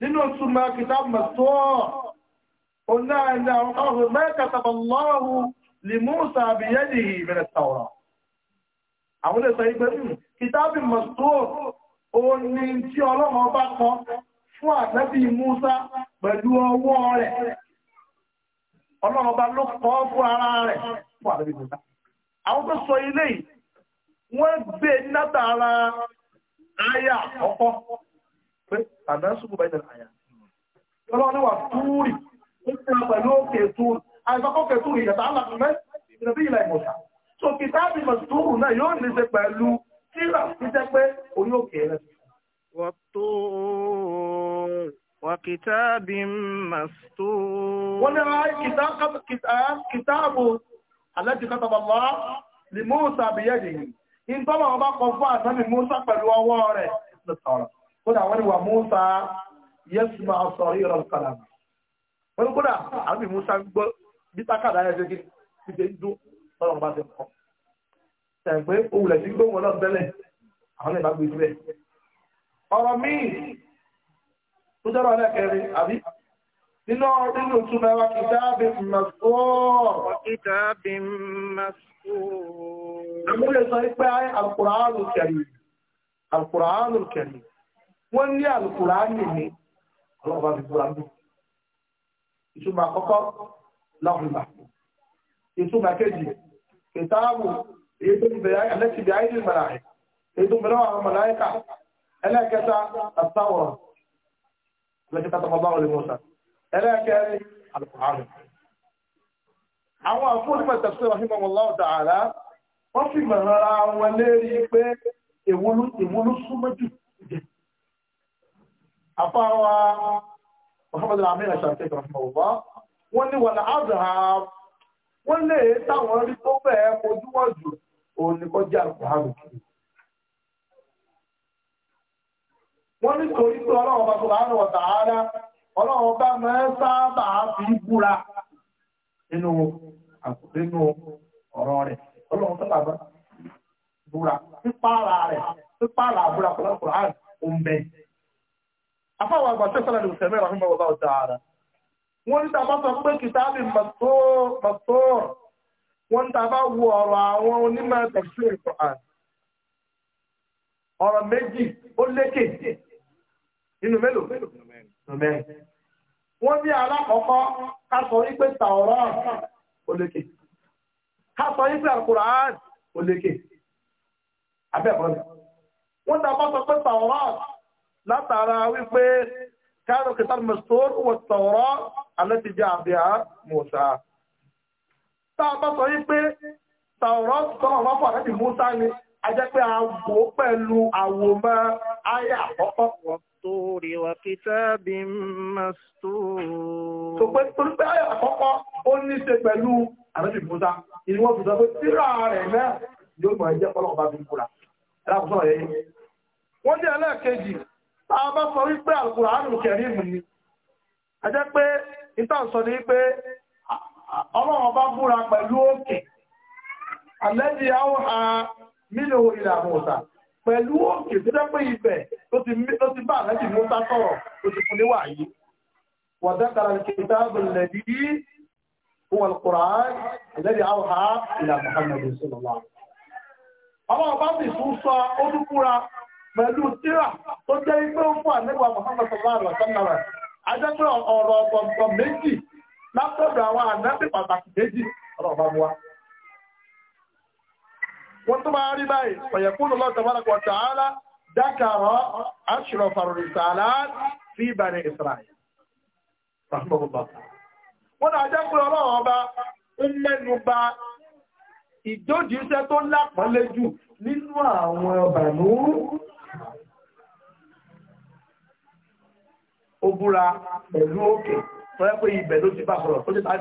Speaker 1: nínú òtúmọ̀ kíta mọ̀tò òun náà ní àwọn káwọn mẹ́ta tàbí lọ́rùn lè mú sàbíyẹ́dì ìbẹ̀rẹ̀ tàwọ̀rọ̀ àwọn ilé sọ yìí pé kìtàbí hmm, mọ̀tò òun ni tí ọlọ́run ọba kan fún àtẹ́bí Musa pẹ̀lú ọwọ́ rẹ̀ ọlọ́ọba ló kọ́ fún ara rẹ̀ fún àtẹ́bí Musa àwọn tó sọ ilé wọ́n gbé látara àyà ọkọ́ pé àdásùkú bá ìdẹ̀rẹ̀ àyà ni wà túrì ó fún pẹ̀lú òkè túrì àìsàkọ́ òkè túrì ìyàtà alákùnrin ìrìnàbí ìlà ìmọ̀ta so kìtàbí mọ̀túrù náà yóò ní ṣe pẹ̀lú
Speaker 2: tíra títẹ́ pé
Speaker 1: orí òkè rẹ̀
Speaker 2: والطور وكتاب مسطور ونرى كتاب
Speaker 1: كتاب كتاب الذي كتب الله لموسى بيده إن طبعا ما قفوا أسمي موسى فالووارة للطورة kódà wọ́n ni wà Musa yẹ́sùmá sọ̀rọ̀ ìrọ̀ kalam wọ́n ni kódà àbí Musa gbọ́ bí tákàdá ẹ̀ ṣe ṣe ń dún ọlọ́run bá ti kọ́ ṣẹ̀gbẹ́ ọ̀rọ̀ míì tó jọ́rọ̀ ẹlẹ́kẹrin àbí nínú nínú túnmọ̀ ẹwà kìtàbí mẹ́sùn kìtàbí mẹ́sùn àmúlẹ̀ sọ pé alkùránù kẹrì alkùránù kẹrì wọ́n ní alkùránù ní ọlọ́ọ̀bá fi búra mú ìtumọ̀ àkọ́kọ́ lọ́hùnmá ìtumọ̀ kejì kìtàbù èyí tó ti bẹ̀rẹ̀ àlẹ́tì bẹ̀rẹ̀ àìdí mẹ́láì èyí tó bẹ̀rẹ̀ àwọn mẹ́láì ẹlẹ́ẹ̀kẹta àtàwọ̀rọ̀ lọ́jọ́ tàbí ọba ọ̀lẹ́ mọ́sá ẹlẹ́ẹ̀kẹrin alùpàárẹ̀ àwọn àfúnnífẹ̀ tẹ̀síwẹ̀ rahimahullahu ta'ala wọ́n fi mọ̀rànra wọn lérí pé ìwúlú súnmọ́jù àfáwa mohamed amin ashantek rahimahullah wọ́n ní wọ́n àdùhà wọ́n lè táwọn rí tó bẹ́ẹ̀ mojúwọ́jù òun ni kọjá alùpàárẹ̀ kiri wọ́n ní torí pé ọlọ́run bá sọ̀rọ̀ àrùn ọ̀tà bá máa ń fi búra nínú nínú ọ̀rọ̀ rẹ̀ ọlọ́run sábà bá búra pípààlà rẹ̀ pípààlà búra pẹ̀lú
Speaker 2: àrùn
Speaker 1: afáwọn àgbà wọ́n ní tàbá sọ pé kìtàbí wọ́n ní wo ọ̀rọ̀ àwọn onímọ̀ ọ̀rọ̀ méjì ó nínú mélòó mẹ́rin wọ́n ní alákọ̀ọ́kọ́ ká sọ wípé tàọ̀rọ̀ ó lékè ká sọ wípé alukuraan ó lékè abẹ́ẹ̀kọ́ rẹ̀ wọ́n dá bá sọ pé tàọ̀rọ̀ látara wípé كانوا كتاب مستور والتوراة التي جاء بها موسى tàbá sọ wípé tàwọ̀rọ̀ tọ́nà wọ́n fọ́ àti Musa ni a jẹ́ pé a wò pẹ̀lú àwòmọ́ ayé àkọ́kọ́ مسطور وكتاب مسطور tó pé torí pé àyà àkọ́kọ́ ó ní ṣe pẹ̀lú àrẹ́bì musa ìlú wọn tuntun pé tíra rẹ̀ náà yóò mọ̀ ẹjẹ́ pọ́lọ́ ọba bíi kura ẹlẹ́kùnrin ọ̀rẹ́ yìí. wọ́n ní ẹlẹ́ẹ̀kejì tá a bá sọ wípé Al-Qur'anul Karim ni a jẹ́ pé níta sọ ni pé ọlọ́run ọba búra pẹ̀lú òkè alẹ́ ni àwọn mílíọ̀nù ìlà Musa pẹ̀lú òkè tó jẹ́ pé ibẹ̀ tó ti bá àrẹ́bì Musa sọ̀rọ̀ tó ti fún níwà yìí wọ́n dákàrà al-kitab alladhi huwa al-Qur'an alladhi awha ila Muhammad sallallahu àwọn ọba sì tún sọ olúkúra pẹ̀lú tíra tó jẹ́ ipé ó fún àníwà Muhammad sallallahu alaihi wasallam ajẹ́pẹ́ ọ̀rọ̀ ọ̀tọ̀ọ̀tọ̀ méjì wa wọ́n tó bá rí báyìí ọ̀yẹ̀kún lọ́wọ́ tabaraka wa ta'ala dákàrọ̀ ashrafar risalat fi bani Isra'il wọ́n náà jẹ́ pé ọlọ́run ọba ń mẹ́nu ba ìjódìíṣẹ́ tó lápọ́nlé jù nínú àwọn ọbànú pẹ̀lú òkè tó yẹ pé ibẹ̀ ló ti bá sọ̀rọ̀ tó lè bá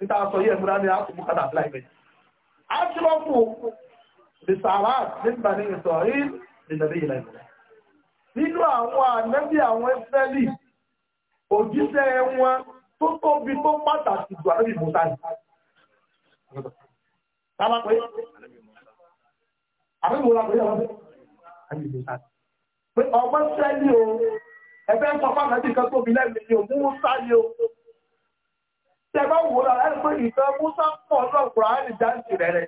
Speaker 1: níta sọ yẹ́ múra ní àkókò kádà fúláìbẹ̀ẹ́ átìlọ́pù bìsàrà nígbà ní ìsọ̀rí ìdàbí ilẹ̀ nínú àwọn ànábì àwọn Ísírẹ́lì òjíṣẹ́ wọn tó tóbi tó pàtàkì jù ànábì Mùsá ni sábà pé àbí Mùsá pé ànábì Mùsá pé ọgbọ́n Ísírẹ́lì o ẹgbẹ́ sọ fún ànábì kan tóbi lẹ́mìí ni o Mùsá ni o tẹ́bá wò lọ láti pé ìfẹ́ Musa pọ̀ lọ Kùránì dáńtì rẹ̀ rẹ̀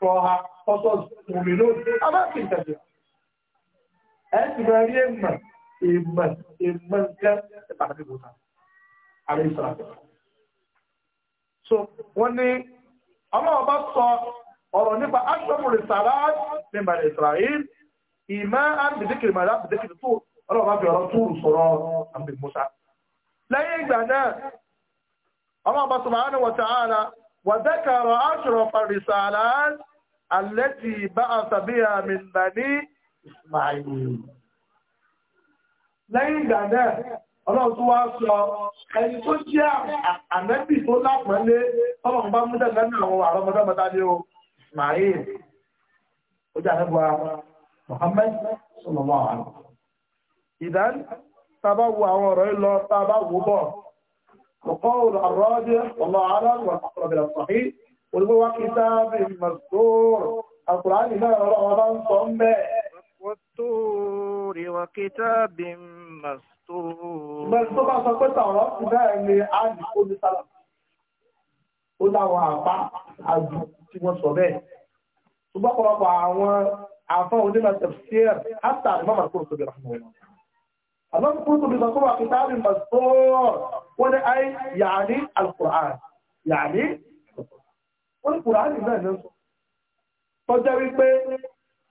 Speaker 1: tọ́ ha ọ̀sọ̀ òmì lónìí abáàkì ìtẹ̀sí. ẹ ti bẹ̀rẹ̀ rí èèmọ̀ èèmọ̀ èèmọ̀ so wọ́n ní ọmọ ọba sọ ọ̀rọ̀ nípa aṣọ́mùrì sàràt ní bàrẹ̀ Israel ìmọ̀ àbìdíkìrì màdà àbìdíkìrì tó ọlọ́ọ̀bá fi ọ̀rọ̀ túrù sọ̀rọ̀ àmì Musa lẹ́yìn ìgbà náà Allah subhanahu wa ta'ala wa dhakara ashrafa risalat allati ba'atha biha min bani Ismail. Lẹ́yìn ìgbà náà, ọlọ́run tó wá sọ ẹni tó jẹ́ àmẹ́bì tó lápọ̀lé ọlọ́run bá múdẹ̀ lẹ́nu àwọn àrọ́mọdọ́mọdá ní o Ismail. Ó jẹ́ àrẹ́bùwa Muhammad Ìdán, tàbá wo àwọn ọ̀rọ̀ ìlọ, tàbá wo bọ̀, وقول الراجح والله أعلم والأقرب إلى الصحيح والهو كتاب مذكور القرآن إذا رمضان صم
Speaker 2: والطور وكتاب مسطور بل طبعا سقط عرفت
Speaker 1: ده اللي عاد كل سلام ó láwọn àpá àjù tí wọ́n sọ bẹ́ẹ̀. ṣùgbọ́n ọ̀pọ̀lọpọ̀ àwọn àfọ́ onímọ̀ tẹ̀síẹ̀ hátà Alam kuntu bi masuwa kitabin mastur wani ai yani al-Qur'an. Yani wani Qur'an ni náà nínú. Tọ́jà wípé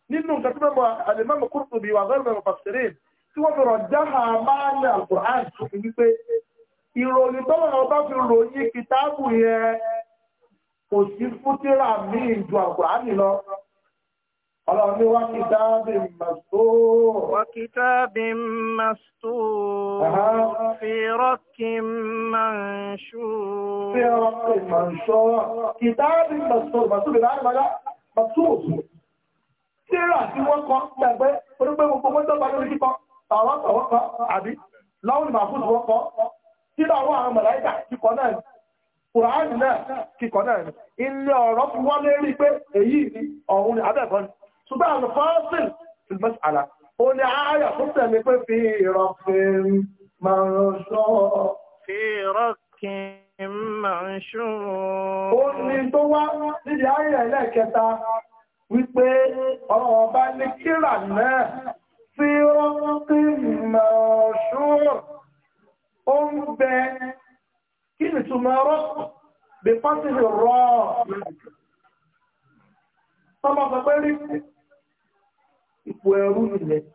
Speaker 1: nínú nǹkan tí mẹ́mọ̀ alimami kuntu bi wà gẹ́rẹ́ mẹ́mọ̀ fàṣẹ̀rẹ̀ wọ́n fi rọ̀já máa ń lẹ al-Qur'an tó fi wípé ìròyìn tọ́lọ̀ náà bá fi ròyìn kìtàbù yẹn kò sí
Speaker 2: Ọlọ́run ní wá kìtàbí màstúr. Wá kìtàbí màstúr. Fi rọ́kì màṣúr.
Speaker 1: Fi rọ́kì màṣúr. Kìtàbí màstúr. Màstúr bí láàrín bàjá. Màstúr. Tíra tí wọ́n kọ́ pẹ̀gbẹ́ onígbé gbogbo wọ́n dọ́gba lórí kíkọ́. Tàwọn tàwọn kọ́ àbí lọ́wọ́n màfún wọ́n kọ́. Tíra àwọn àwọn mọ̀láìkà kíkọ́ náà ni. Kùràánì náà kíkọ́ náà ni. Ilé ọ̀rọ̀ fún wọ́n lérí pé èyí ni ọ̀hun ni abẹ́ẹ̀kọ́ ni ṣùgbọ́n àlùfọ́ọ́sìn ìmọ̀sàlá ó ní ààyà tó tẹ̀lé pé fi ìrọ̀fin máa ń ṣọ́
Speaker 2: fi ìrọ̀kìn máa ń ṣọ́ ó ní tó wá níbi ààyà ẹlẹ́ẹ̀kẹta
Speaker 1: wípé ọba ní kíra náà fi ìrọ̀kìn máa ń ṣọ́ ó ń bẹ kí nìtumọ̀ rọ́pù bí fásitì rọ́ọ̀ tọ́mọ̀ sọ pé rí ipò ẹrú nìyẹn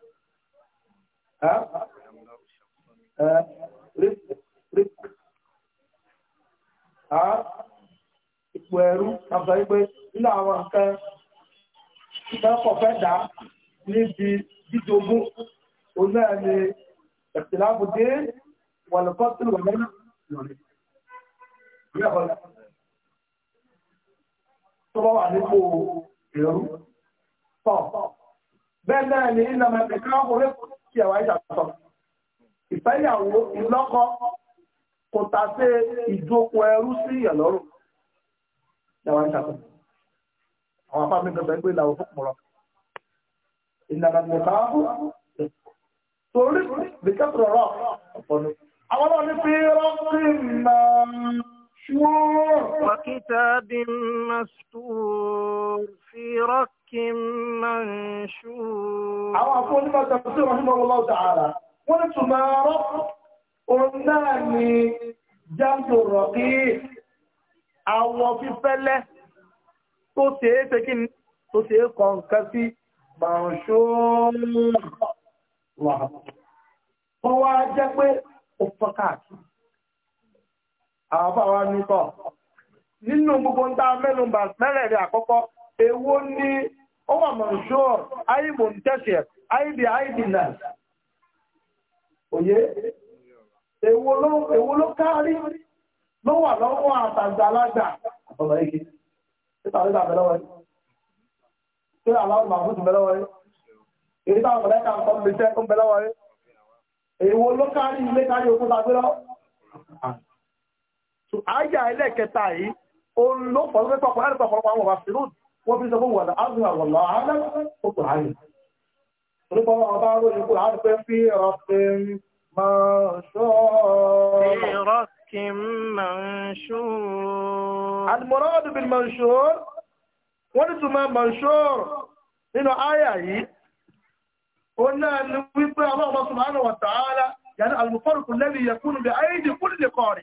Speaker 1: ipò ẹrú àbúrò pé nínú àwọn nǹkan ìfẹ́kọ̀ fẹ́ dá níbi jíjogún òun náà ni ẹ̀sìláàbùdé wọ̀lùkọ́tù wọ̀lẹ́nà tó bá wà nípò ẹrú pọ̀ pọ̀ bẹ́ẹ̀ náà ni ìlànà ìdẹ̀ká orẹ́kùn ti ẹ̀wà ìṣàtọ̀ ìfẹ́yàwó ìlọ́kọ kò tàṣe ìjókòó ẹrú sí ìyẹ̀lọ́rùn ẹ̀wà ìṣàtọ̀ àwọn afá mi gbẹ̀gbẹ̀ gbé ìlàwó fún pọ̀rọ̀ ìlànà ìdẹ̀ká torí bìkẹ́tù rọ̀ ọ̀pọ̀lọ àwọn ọmọ ní fi rọ́ọ̀sì máa
Speaker 2: ṣúwọ́ وكتاب مسطور في رك منشور àwọn àfún onímọ̀ tàbí rahimahullah ta'ala
Speaker 1: wọ́n ní tùmọ̀ náà ni jáǹtò rọ̀kí àwọn fífẹ́lẹ́ tó tèé pé kí ni tó tèé kọ nǹkan sí manshur ó pé gbogbo ń dá bà ó wà mọ̀ṣọ́r ayé mọ̀ntẹ́ṣẹ̀ ayébí ayébìnà òye èwo ló kárí ló wà lọ́wọ́ àtàgbàlagbà ọ̀bọ̀ èké títà ló dà bẹ̀rẹ̀ wọ̀nyí tí aláwọ̀ máa fún bẹ̀rẹ̀ wọ̀nyí èyí táwọn mọ̀lẹ́ka nǹkan mi tẹ́ ń bẹ̀rẹ̀ wọ̀nyí èwo ló kárí ilé kárí okun tàbí lọ. àyà ẹlẹ́kẹta yìí òun ló pọ̀ lórí pọ̀pọ̀ láti pọ̀pọ̀ àwọn ọ̀bà وفي هو الأظهر والله أعلم قلت العلم ربما بعض يقول عارف في رق ما شاء في رق منشور المراد بالمنشور ولد ما منشور آية هنا آية قلنا أنه أن الله سبحانه وتعالى يعني المفرق الذي يكون بأيدي كل قارئ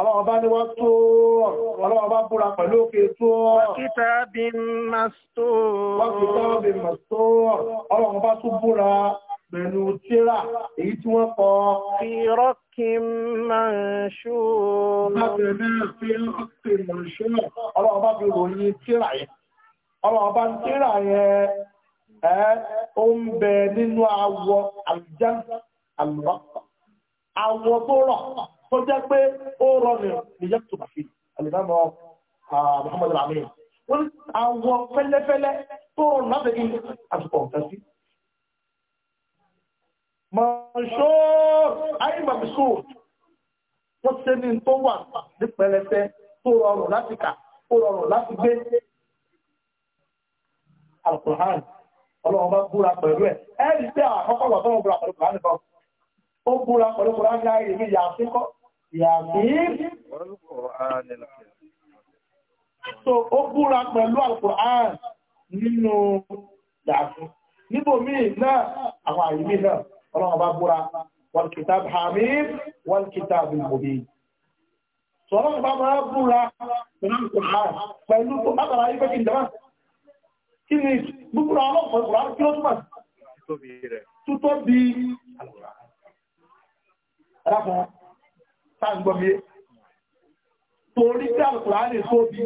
Speaker 1: Ọlọ́run bá ní wọ́n tó ọlọ́run bá búra pẹ̀lú òkè tó wákítà bí màstó ọlọ́run bá tún búra pẹ̀lú tíra èyí tí wọ́n kọ
Speaker 2: fi rọ́kì mọ̀ṣú
Speaker 1: ọlọ́run bá fi ròyìn tíra yẹn ọlọ́run bá tíra yẹn ẹ́ ó ń bẹ nínú awọ àlùjá àlùbọ́ awọ tó rọ̀ tó jẹ́ pé ó rọrùn ní yẹ́ tó bàfí alìdámọ́ Muhammad Al-Amin wọ́n ní àwọn fẹ́lẹ́fẹ́lẹ́ tó rọrùn láti kí àtùkọ̀ ọ̀fẹ́ sí mọ̀ṣọ́ àìmọ̀bìṣọ́ wọ́n ṣe ní tó wà ní pẹ̀lẹ́fẹ́ tó rọrùn láti kà ó rọrùn láti gbé Al-Qur'an ọlọ́run bá búra pẹ̀lú ẹ̀ ẹ́rì pé àkọ́kọ́ wà tó wọ́n búra pẹ̀lú Al-Qur'an nìkan ó búra pẹ̀lú Al-Qur'an ní ààrẹ mi yà á
Speaker 2: Yasin.
Speaker 1: So, ó búra pẹ̀lú Al-Qur'an nínú Yasin. Níbò míì náà, àwọn àìmí náà, ọlọ́run bá búra, wal kitab Hamim, wal kitab Mubin. So, ọlọ́run bá máa búra pẹ̀lú Al-Qur'an pẹ̀lú tó látara ayé pẹ́kì ìjọba. Kí ni búbúra ọlọ́run pẹ̀lú Al-Qur'an kí ó túmọ̀ sí? Tútóbi Al-Qur'an táǹgbọ́mí torí tí àlùkùránì tó bí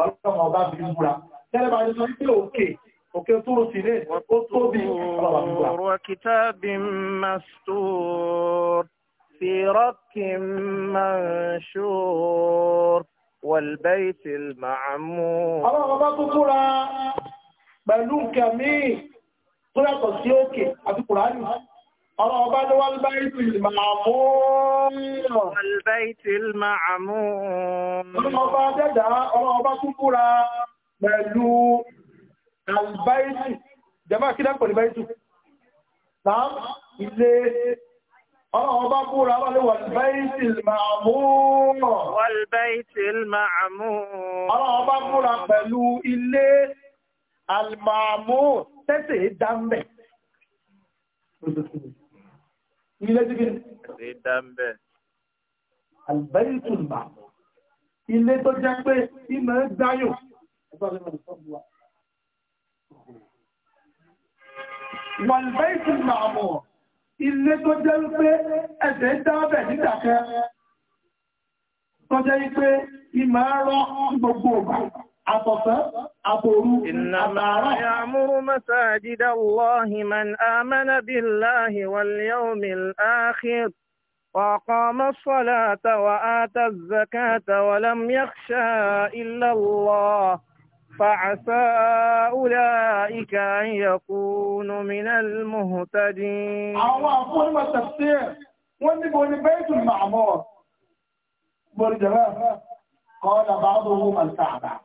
Speaker 1: ọlọ́run ọba bí múra tẹ́lẹ̀ bá nínú ilé òkè òkè tó rò sí ilé
Speaker 2: ó tó bí ọlọ́run ọba ọ̀rọ̀ kìtàbí tó múra pẹ̀lú kẹmí
Speaker 1: tó yàtọ̀ sí òkè àti kùránì Ọlọ́run bá ní wọ́n báyìí ìlmàmúrùn. Wọ́n ìlmàmúrùn. Ọlọ́run bá dẹ́dà, ọlọ́run bá tún búra pẹ̀lú àlbáìtì. Jẹmá kí dápọ̀ ní báìtì. Náà ilé ọlọ́run bá búra wọ́n ní wọ́n báìtì ìlmàmúrùn. Wọ́n báìtì ìlmàmúrùn. Ọlọ́run bá búra pẹ̀lú ilé àlmàmúrùn tẹ́sẹ̀ dámbẹ̀ ilé tí kí ni.
Speaker 2: ṣe dá ń bẹ̀.
Speaker 1: albaitul ma'mur ilé tó jẹ́ pé ìmọ̀ ń dáyò walbaitul ma'mur ilé tó jẹ́ wípé ẹ̀sẹ̀ dábẹ̀ nídàkẹ́ tó jẹ́ wípé ìmọ̀ ẹ̀rọ gbogbo àtọ̀fẹ́ إنما
Speaker 2: يعمر مساجد الله من آمن بالله واليوم الآخر وأقام الصلاة وآتى الزكاة ولم يخشى إلا الله فعسى أولئك أن يكونوا من المهتدين الله أقول ما التفسير
Speaker 1: واني بقول بيت المعمور قال بعضهم الكعبة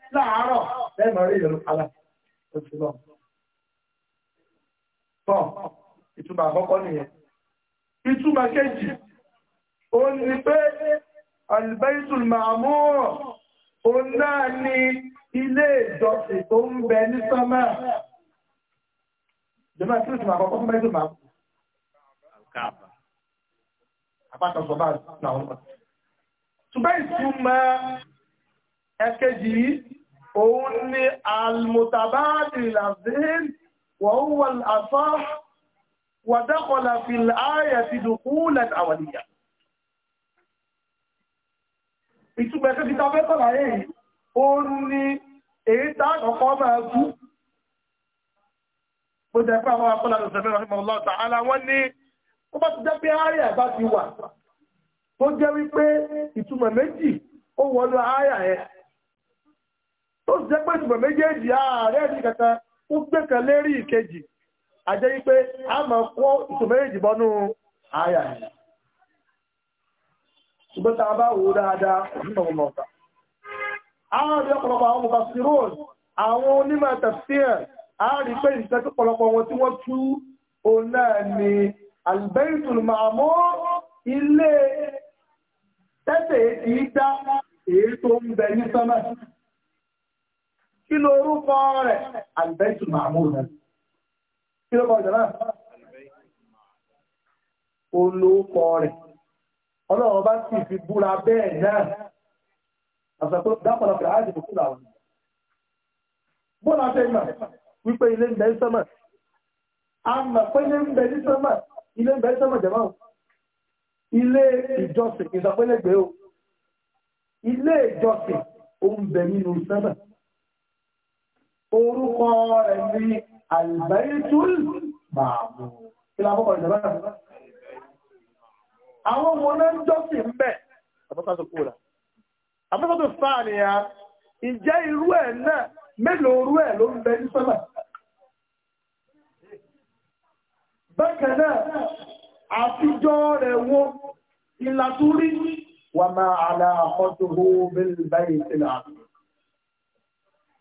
Speaker 1: láàárọ̀ lẹ́mọ̀ rí ìrìn kalẹ̀ oṣù lọ. Tọ́ ìtumọ̀ àkọ́kọ́ nìyẹn. Ìtumọ̀ kejì, ó ní pé Albaitul Ma'mur, ó náà ní ilé ìjọsìn tó ń bẹ ní sọ́mà. Jọba kí ìtumọ̀ àkọ́kọ́ fún Baitul Ma'mur. Àpáta sọ bá àwọn ọmọ. Ṣùgbọ́n òun ni almutabadi lazim wọ́wọ́ al'asọ́ wàdákọ̀lá fi láàyà ti dùkúlẹ̀ àwàlìyà ìtúgbẹ̀kẹ́ ti tàbẹ́kọ̀lá yìí ó ní èyí tààkọ̀kọ́ máa kú bó jẹ́ pé àwọn akọ́lá lọ́sẹ̀mẹ́rọ̀ rahimahullah ta'ala wọ́n ní ó bá ti jẹ́ pé ààyà bá tó jẹ́ pé ìtumọ̀ méjèèjì ààrẹ ní kẹta ó gbẹ́kẹ̀ lérí ìkejì àjẹ́ wípé a máa kó ìtumọ̀ méjèèjì bọ́nú àyà yìí ṣùgbọ́n tá a bá wò dáadáa nípa ọmọ ọ̀tà àwọn ọ̀dọ́ ọ̀pọ̀lọpọ̀ àwọn ọmọ síròs àwọn onímọ̀ a rí pé ìṣẹ́ tó pọ̀lọpọ̀ wọn tí wọ́n tú òun náà ni albaitul ma'mur ilé tẹ́tẹ̀ẹ́ ti èyí tó ń bẹ ní sánmà kí ló orúkọ rẹ̀ albaitul ma'mur rẹ̀ kí ló kọ ìjọba olóòkọ rẹ̀ ọlọ́run bá sì fi búra bẹ́ẹ̀ náà àṣàkó dápọ̀lọpọ̀ àádìí kò kúrò àwọn bọ́lá fẹ́ mà wípé ilé ń bẹ ní sọ́mà a mọ̀ pé ilé ń bẹ ní sọ́mà ilé ń bẹ ní sọ́mà jẹ̀mọ́ ilé ìjọsìn ìsọpẹ́lẹ́gbẹ̀ẹ́ ilé ìjọsìn ó ń bẹ nínú sọ́mà orúkọ rẹ̀ ní albaitul ma'mur kí lábọ́kọ̀ ìjọba rẹ̀ àwọn ọmọ náà ń jọ́sì ń bẹ̀ àbúkátò kúrò àbúkátò fàníyà ìjẹ́ irú ẹ̀ náà rẹ̀ ìlàtúrí wà máa àlà àkọ́tò hó bẹ́ẹ̀ báyìí àti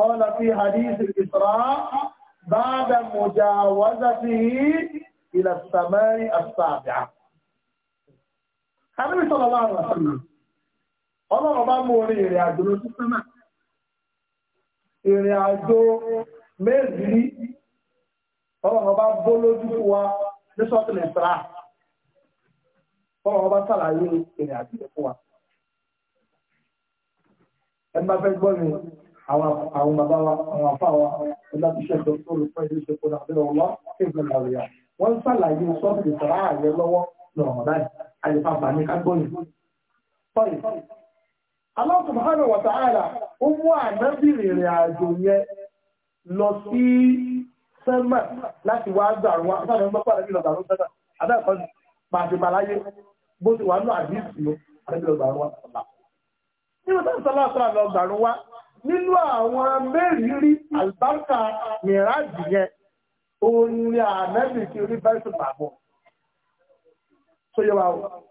Speaker 1: قال في حديث الإسراء بعد مجاوزته إلى السماء السابعة النبي صلى الله عليه وسلم ọlọ́run bá mú orí ìrìn àjò lọ sí sánmà ìrìn àjò méjìlí ọlọ́run bá bó lójú fún wa ní sọ́tìlẹ̀ ìsra ọlọ́run bá sàlàyé ìrìn fún wa ẹ fẹ́ gbọ́ mi àwọn bàbá wa àwọn afá wa ọlọ́tíṣẹ́ dọ́kítọ́rù fún ilé ìṣẹ́ fún àbẹ́rẹ́ ọlọ́ kéèkó làwọn yà wọ́n ṣàlàyé sọ́ọ̀tì ìṣẹ̀lá ààyè lọ́wọ́ lọ́rọ̀ báyìí àyèfàfà ní kágbóyè. sọ́ọ̀yì Allah subhanahu wa ta'ala ó mú ànábìrì ìrìn àjò yẹn lọ sí sẹ́mà láti wá dàrú wa sọ́ọ̀tì ń gbọ́pọ̀ àdébìlọ̀ dàrú sẹ́mà àbẹ́ẹ̀kọ́ pàṣípàláyé bó ti wà nù àdìsí lọ àdébìlọ̀ dàrú wa sọ̀tà. nígbà tó ń sọ nínú àwọn mẹ́rìírí àlùbáríkà mìíràjì yẹn òun ni àmẹ́bì tí orí bẹ́ẹ̀ sì pàbọ̀ tó yẹ wa o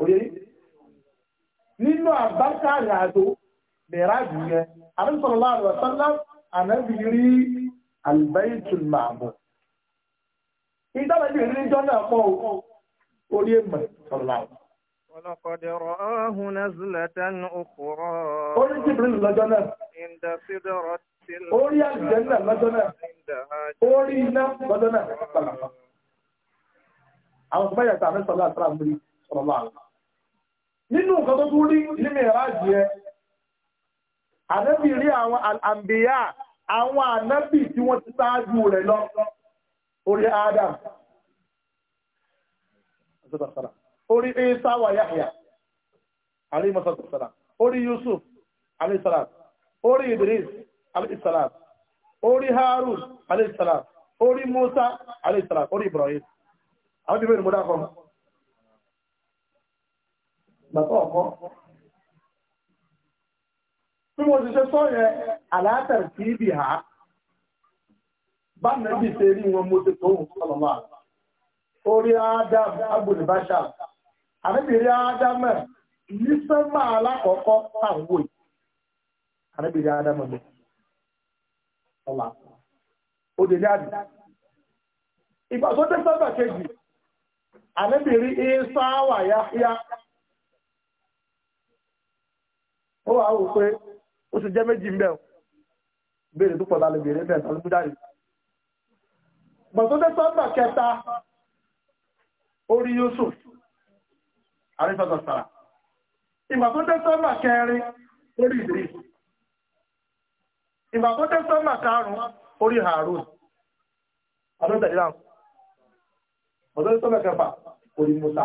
Speaker 1: òye nínú àbáríkà àrìnàjò mìíràjì yẹn àrísọ̀rọ̀ láàrin ọ̀sánlá àmẹ́bì rí àlùbáríkà màbọ̀ ìdáwẹ́bì rí níjọ́ pọ̀ orí èèmọ̀ sọ̀rọ̀ láàrin
Speaker 2: ولقد رآه نزلة أخرى قل جبريل لجنة عند سدرة orí àjẹ́nà lọ́jọ́ náà orí iná lọ́jọ́ náà pàlàpà
Speaker 1: àwọn ọ̀sán mẹ́yàtà àmì sọ̀lá àtàrà múrí sọ̀rọ̀ máa nínú nǹkan tó tún rí nílé ẹ̀rá jẹ́ ànábì rí àwọn àmbíyà àwọn ànábì tí wọ́n ti sáájú rẹ̀ lọ orí Adam Ori isa wa yahya alayhi masallatu salam ori yusuf alayhi salam ori idris alayhi salam ori harun alayhi salam ori musa alayhi salam ori ibrahim àwọn ìbẹ̀rẹ̀ mọ́dá kan bàtọ̀ ọ̀kọ́ tí mo ti ṣe sọ́yẹ mo adam àrẹ́bìnrin ádámà ní sánmà alákọ̀ọ́kọ́ táwọn òyìn àrẹ́bìnrin ádámà lọ ọ̀la òdè ní àdì ìgbà tó dé sánmà kejì àrẹ́bìnrin ìsáwà yáyá ó wà wò pé ó méjì o tó pọ̀lá lè béèrè bẹ́ẹ̀ tàbí múdárì ìgbà tó dé kẹta orí Yusuf àrísọ̀tọ̀ sàrà ìgbà tó dé sọ́mà kẹrin orí Idris ìgbà tó dé sọ́mà karùn-ún orí Harun ọdún tẹ̀lé náà ọdún tẹ̀lé sọ́mà kẹfà orí Musa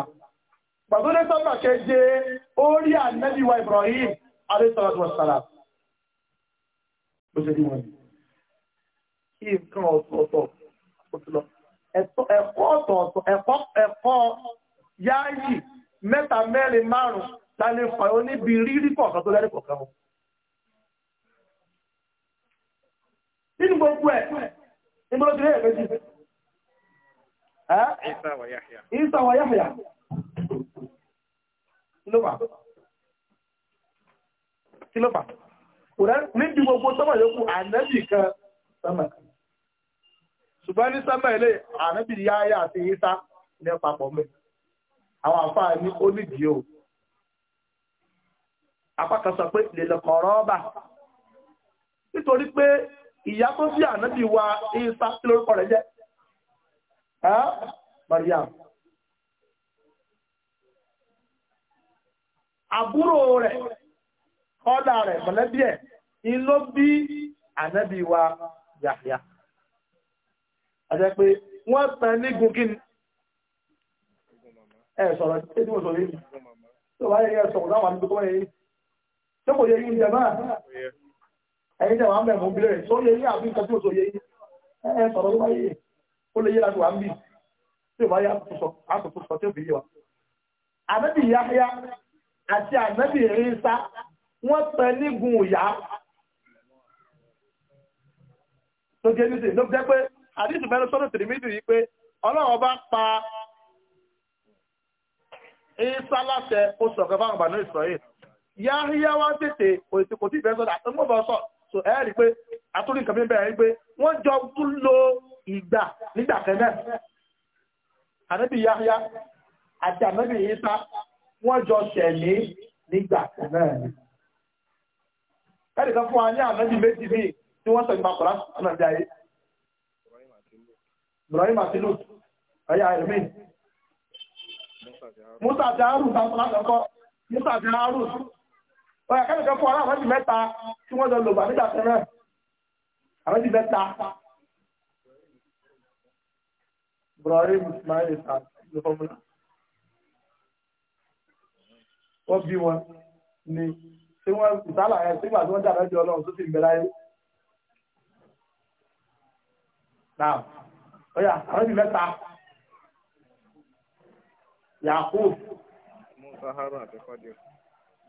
Speaker 1: ìgbà tó dé sọ́mà keje orí Ànábì wa Ibrahim àrísọ̀tọ̀ sàrà ó ṣe bí wọn ọ̀tọ̀ọ̀tọ̀ ẹ̀kọ́ ẹ̀kọ́ yááyì mẹ́ta mẹ́rin márùn lálẹ́ fàyọ níbi rírí kọ̀ọ̀kan tó lẹ́rí kọ̀ọ̀kan wọn. nínú gbogbo ẹ̀ nínú ojú rẹ̀ méjì
Speaker 2: Isa wa Yahya Isa
Speaker 1: wa Yahya lópa kí lópa níbi gbogbo sọ́mọ̀ yòókù ànẹ́bì kan sọ́mọ̀ ṣùgbọ́n ní sọ́mọ̀ ilé ànẹ́bì Yahya àti Isa ní ọ̀pàpọ̀ mẹ́rin àwọn àfáà ní ó nídìí o apá kan sọ pé lèlẹ̀kọ̀rọ́bà nítorí pé ìyá tó bí ànábì wa ìsá tí lórúkọ rẹ̀ jẹ́ Mariam àbúrò rẹ̀ ọ̀dà rẹ̀ mọ̀lẹ́bí ẹ̀ ìló bí ànábì wa A àjẹ́ pé wọ́n tàn nígun kí ni ẹ sọ̀rọ̀ tí tí mo sọ̀rọ̀ yìí tó bá yẹ sọ̀rọ̀ láwọn àdúgbò tó yẹ tí kò yẹ yìí jẹ máa ẹ̀yìn tẹ̀wọ̀n àmì ẹ̀mọ́ bílẹ̀ tó yẹ yìí àbí nǹkan tí ó sọ yẹ yìí ẹ sọ̀rọ̀ tó bá yẹ ó lè yé láti wà ń bì tí ò bá yẹ àtúntò sọ tí ó fi yé wa. ànábì Yahya àti ànábì Ìsá wọ́n pẹ́ nígun ìyá tó jẹ́ nísìnyí ló jẹ́ pé àdìsí mẹ́rin sọ́dọ̀ tìrìmídìí yìí pé Ọlọ́run bá pa ìsá láṣẹ oṣù ọ̀kan fáwọn bànú ìsọ̀yìn yáhíyá wá tètè kò tí ìfẹ́ sọ́dà àtúngbọ̀bọ̀ sọ so ẹ rí i pé àtúndì nǹkan bíi bẹ́ẹ̀ rí i pé wọ́n jọ tún lo ìgbà nígbà kan náà ànábì yáhíyá àti ànábì ìsá wọ́n jọ ṣẹ̀lé nígbà kan náà ni ẹnìkan fún wa ní ànábì méjì míì tí wọ́n sọ ìgbà kọ̀ọ̀lá ànábì ayé Ibrahim àti Lut ọ̀yà ẹ̀mí Musa ti arú lákọ̀ọ́kọ́ Musa ti arú ọ̀yà kẹ́lẹ̀kẹ́ fún ọ̀rọ̀ àwọn ti mẹ́ta tí wọ́n lọ lògbà nígbà tẹ́lẹ̀ àwọn ti mẹ́ta Ibrahim Ismail ìsàlẹ̀ fọ́múlà wọ́n bí wọn ni tí wọ́n ìsàlà ẹ̀ sígbà tí wọ́n dà lẹ́jọ́ ọlọ́run tó sì ń bẹ láyé yakub.
Speaker 2: musa harun àti kọ́dìrì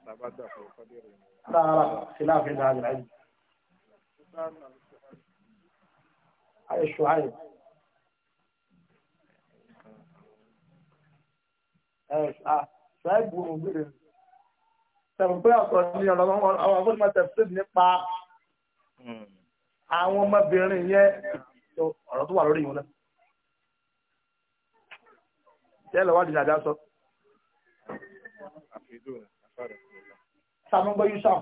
Speaker 2: tàbátà fún kọ́dìrì.
Speaker 1: sáárà sílá fi ń dáhàbì láyé. ayé ṣùháyè. ṣùháyè gbòòrò gbèrè. sẹ̀wọ̀n pé ọ̀sọ̀ ni ọ̀lọ́wọ́ àwọn afọ́nimọ̀ tẹ̀síìdì nípa hmm. àwọn ọmọbìnrin yẹn ọ̀rọ̀ tó wà lórí ìwọ̀n náà tẹ́lẹ̀ wá di dàda sọ. sàmúgbọ́ yusuf.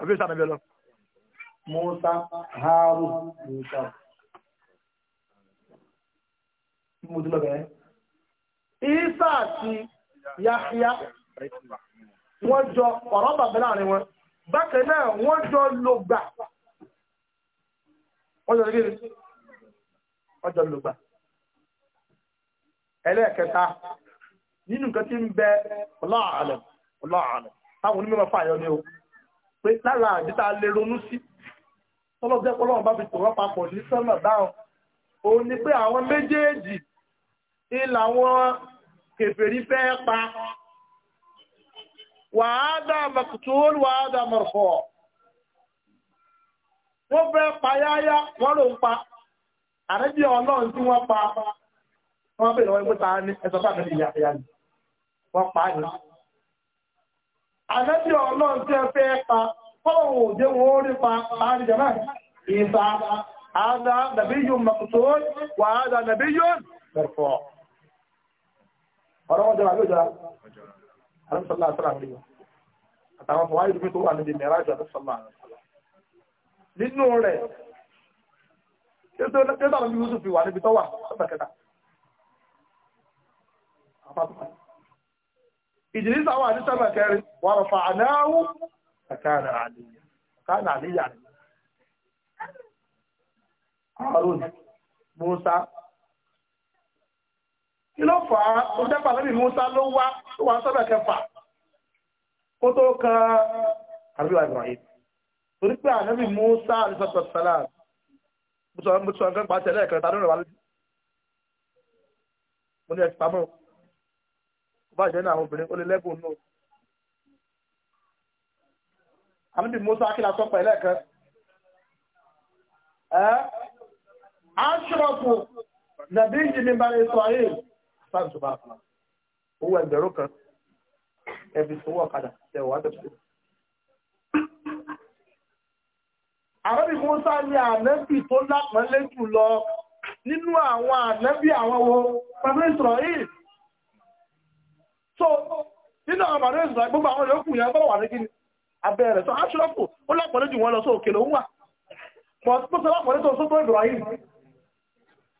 Speaker 1: àbí sàn abẹ́ lọ. musa haaru musa. mo ti lọ bẹ̀rẹ̀. isa àti yahya wọ́n jọ ọ̀rọ̀ bàbá láàrin wọn bákan náà wọ́n jọ lògbà wọ́n jọ lórí ọjọ́ ló gbà ẹlẹ́ẹ̀kẹta nínú nǹkan tí ń bẹ ọlọ́àlẹ̀ ọlọ́àlẹ̀ táwọn onímọ̀ fàyọ ni o pé lára àdítà lè ronú sí tọ́lọ́jẹ́ pọ́lọ́wọ́n bá fi tò wọ́n papọ̀ ní sọ́nà dáhùn òun ni pé àwọn méjèèjì ilà wọn kèfèrí fẹ́ pa wàhádà maqtul wàhádà marfu wọ́n fẹ́ pa yáyá wọ́n ló ń pa àrẹ́bí ọlọ́run tí wọ́n pa wọ́n bèèrè wọ́n ìgbóta ní ẹ̀sọ́ bá mi ìyá ìyá ni wọ́n pa ní. àrẹ́bí ọlọ́run tí ẹ fẹ́ pa fọ́ọ̀hún òjé wọn ó rí pa láàrin jẹ́ náà ìta àádá nàbí yóò mọ̀kútó wà áádá nàbí yóò mẹ̀fọ́. ọ̀rọ̀ wọn jọra ló jọra àrẹ́sọ̀lá àtàrà tẹ́tọ́ àwọn yóò fi wà níbi tọ́wà sọ́tà kẹta ìjìnlẹ̀ sáwà ní sọ́tà kẹrin wà rọ̀fà àdáwò kàkàrà àdìyà kàkàrà àdìyà àrùn Musa kí ló fà á ó dẹ́pà lẹ́bí Musa ló wá tó wà sọ́tà kẹfà kó tó kan àbíwá Ibrahim torí pé ànábì Musa àdìsọ́tà sálàmù mo sọ mo sọ nǹkan pa tẹ̀lé ẹ̀kan tàbí ìrànwá lójú mo ní ẹ ti pamọ́ kó bá jẹ́ ní àwọn obìnrin ó lè lẹ́gùn nù. àmì mọ́sá akílà sọ pẹ̀lẹ́ ẹ̀kan ẹ́ aṣọ́pù nàbí ìjìnlẹ̀ bá lè sọ ayé sáàtù bá fún owó ẹgbẹ̀rún kan ẹbí sówó ọ̀kadà tẹ̀wọ̀ wá tẹ̀síwò ànábì Mùsá ní ànábì tó lápọ́nlé jù lọ nínú àwọn ànábì àwọn wo pẹ̀lú Israel so nínú àwọn àmàlẹ́ Israel gbogbo àwọn yòókù yẹn bọ́ wà ní kíni abẹ́ rẹ̀ so aṣọ́pù ó lápọ́nlé jù wọ́n lọ sí òkè lòún wà pọ̀ tó sọ lápọ́nlé tó sọ́tọ́ Ibrahim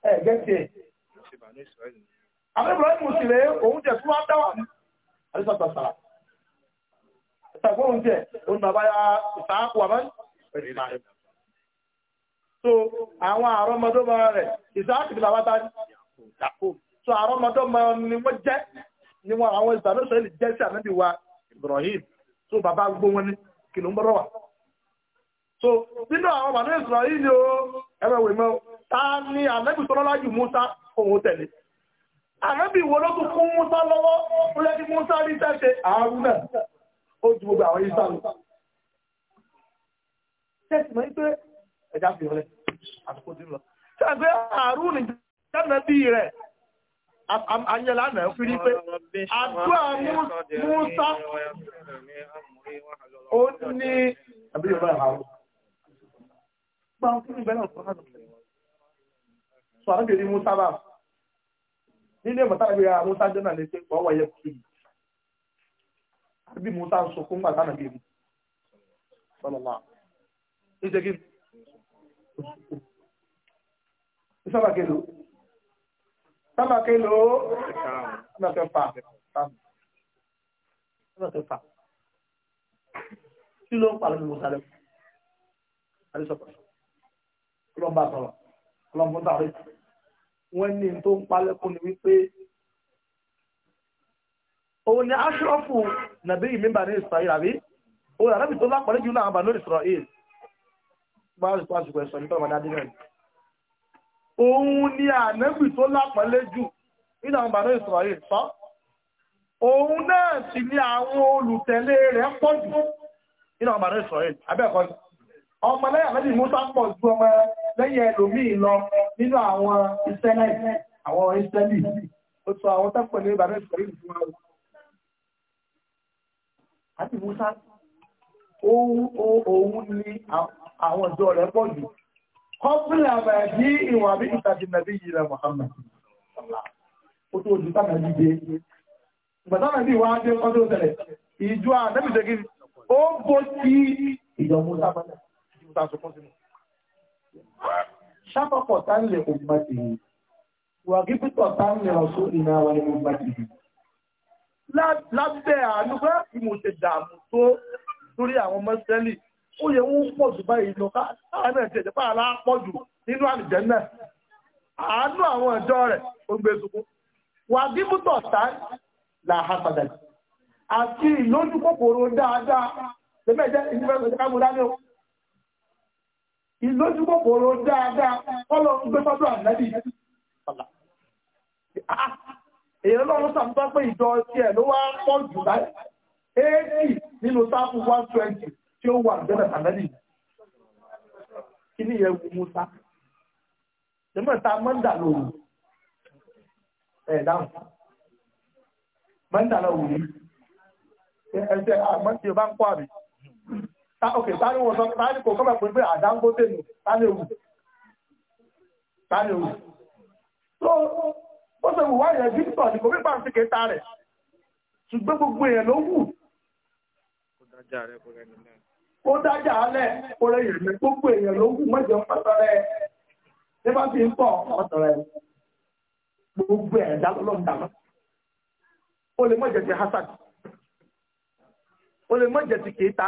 Speaker 1: ẹ̀ gẹ́tì
Speaker 2: ẹ̀
Speaker 1: àbẹ́ so àwọn àrọ́mọdọ́mọ rẹ̀ ìsáàkì ni bàbá bá ní ìyàkó so àrọ́mọdọ́mọ ni wọ́n jẹ́ ni wọ́n àwọn ìsàlọ́sọ ilẹ̀ jẹ́ sí ànábì wa Ibrahim so bàbá gbó wọn ní kí ló ń bọ́rọ̀ wà so nínú àwọn bàbá Israel ni ó ẹ̀rọ ìwé mọ́ ta ni ànábì sọlọ́lá jù Musa òun tẹ̀lé ànábì wo ló tún fún Musa lọ́wọ́ ó yẹ kí Musa rí tẹ̀sẹ̀ àárún náà ó ju gbogbo àwọn Israel tẹ̀sí mọ́ ẹja fi rẹ àsìkò tí ń lọ. ṣáàgbé àrùn ní jẹ́nà bí rẹ̀ anyẹ̀lá náà fi rí pé àdúrà Musa ó ní àbí yorùbá àrùn. gbà ń fún ìbẹ́lẹ̀ ọ̀sán náà sọ àwọn kìí Musa bá nílé mọ̀tàbí ra Musa jẹ́nà lè ṣe pọ̀ wáyé kìí bí Musa ń sọ fún gbàtà nàbí mu. Sọlọ́lá. Ìṣègì sábà kelo sábà kelo sábà kẹfà sábà kẹfà kí ló ń pa lómi musa lẹ́kọ̀ọ́ àdìsọ́pọ̀ ọlọ́mbà sọ̀rọ̀ ọlọ́mbà sọ̀rọ̀ wọ́n ní tó ń pa lẹ́kọ̀ọ́ ni wípé òun ni aṣọ́fù nàbí ìmìbà ní Israel àbí òun àrẹ́bì tó lápọ̀lẹ́jù náà àbà lórí Israel pàṣípàṣù pẹ̀sọ̀ ní tọ́wọ́ dáadé rẹ̀ òun ni ànẹ́bì tó lápọ̀lé jù nínú àwọn bàbá Ísírẹ́lì sọ òun náà sì ni àwọn olùtẹ̀lé rẹ̀ pọ̀ jù nínú àwọn bàbá Ísírẹ́lì abẹ́ẹ̀kọ́ ọmọ lẹ́yìn àmẹ́bì Mùsá pọ̀ ju ọmọ lẹ́yìn ẹlòmíì lọ nínú àwọn Ísírẹ́lì àwọn Ísírẹ́lì ó sọ àwọn tẹ́pọ̀ ní bàbá Ísírẹ́lì fún wa àti Mùsá òun ni àwọn àwọn ìjọ rẹ̀ pọ̀ jù kọ́pìlà mẹ́bí ìwọ̀n àbí ìtàjì nàbí yìí rẹ̀ Muhammad ó tó ojú tá nàbí dé ìgbàtà nàbí wá dé kọ́ tó tẹ̀lẹ̀ ìjọ àdẹ́bì jẹ́ kiri ó bó tí ìjọ Musa bọ́lẹ̀ ìjọ sọkún sínú sáfọ̀pọ̀ tá ń lè ògbà tì í wà kí pítọ̀ tá ń lè ọ̀ṣọ́ ìná wà ní ògbà tì í lábẹ́ àánú pé ìmọ̀ ṣe dààmú tó lórí àwọn mọ́sẹ́lì ó yẹ wọ́n pọ̀ jù báyìí lọ káàánú ẹ̀jẹ̀ jù nínú àlùjẹ́ náà àánú àwọn ẹ̀jọ́ rẹ̀ ó wà díbùtọ̀ tá àti ìlójú kòkòrò dáadáa lẹ́mẹ̀jẹ́ ìdíbẹ̀rẹ̀ ní o ìlójú kòkòrò dáadáa kọ́lọ̀ ń gbé fọ́dọ̀ ah, èèyàn pé ìjọ tiẹ̀ ló wá pọ̀ jù 80 nínú sáfù 120 tí ó wà jẹ́nà tàbí kí ní ẹwù musa jẹ́mọ̀ta mọ́ndà lòrù ẹ̀dáhùn mọ́ndà lòrù yìí ẹ̀ẹ́dẹ́ àmọ́tí ọba ń kọ́ àmì òkè tání wọ́n sọ tání kò kọ́mọ̀ pé pé àdángóté nù tání ewu tání ewu tó ó sọ wùwá yẹn Victor ní kò fi pàǹtí ṣùgbọ́n gbogbo èèyàn ló wù.
Speaker 2: kò dájà rẹ kò rẹ nìyẹn.
Speaker 1: ó dájà alẹ́ orí ìrìnlẹ̀ gbogbo èèyàn ló kù mọ́jọ ń pàtàrẹ bá fi ń pọ̀ ọ̀tọ̀rẹ́ gbogbo ẹ̀dá lọ́lọ́dàmọ́ ó lè ti hasad ó lè mọ́jẹ̀ ti kéta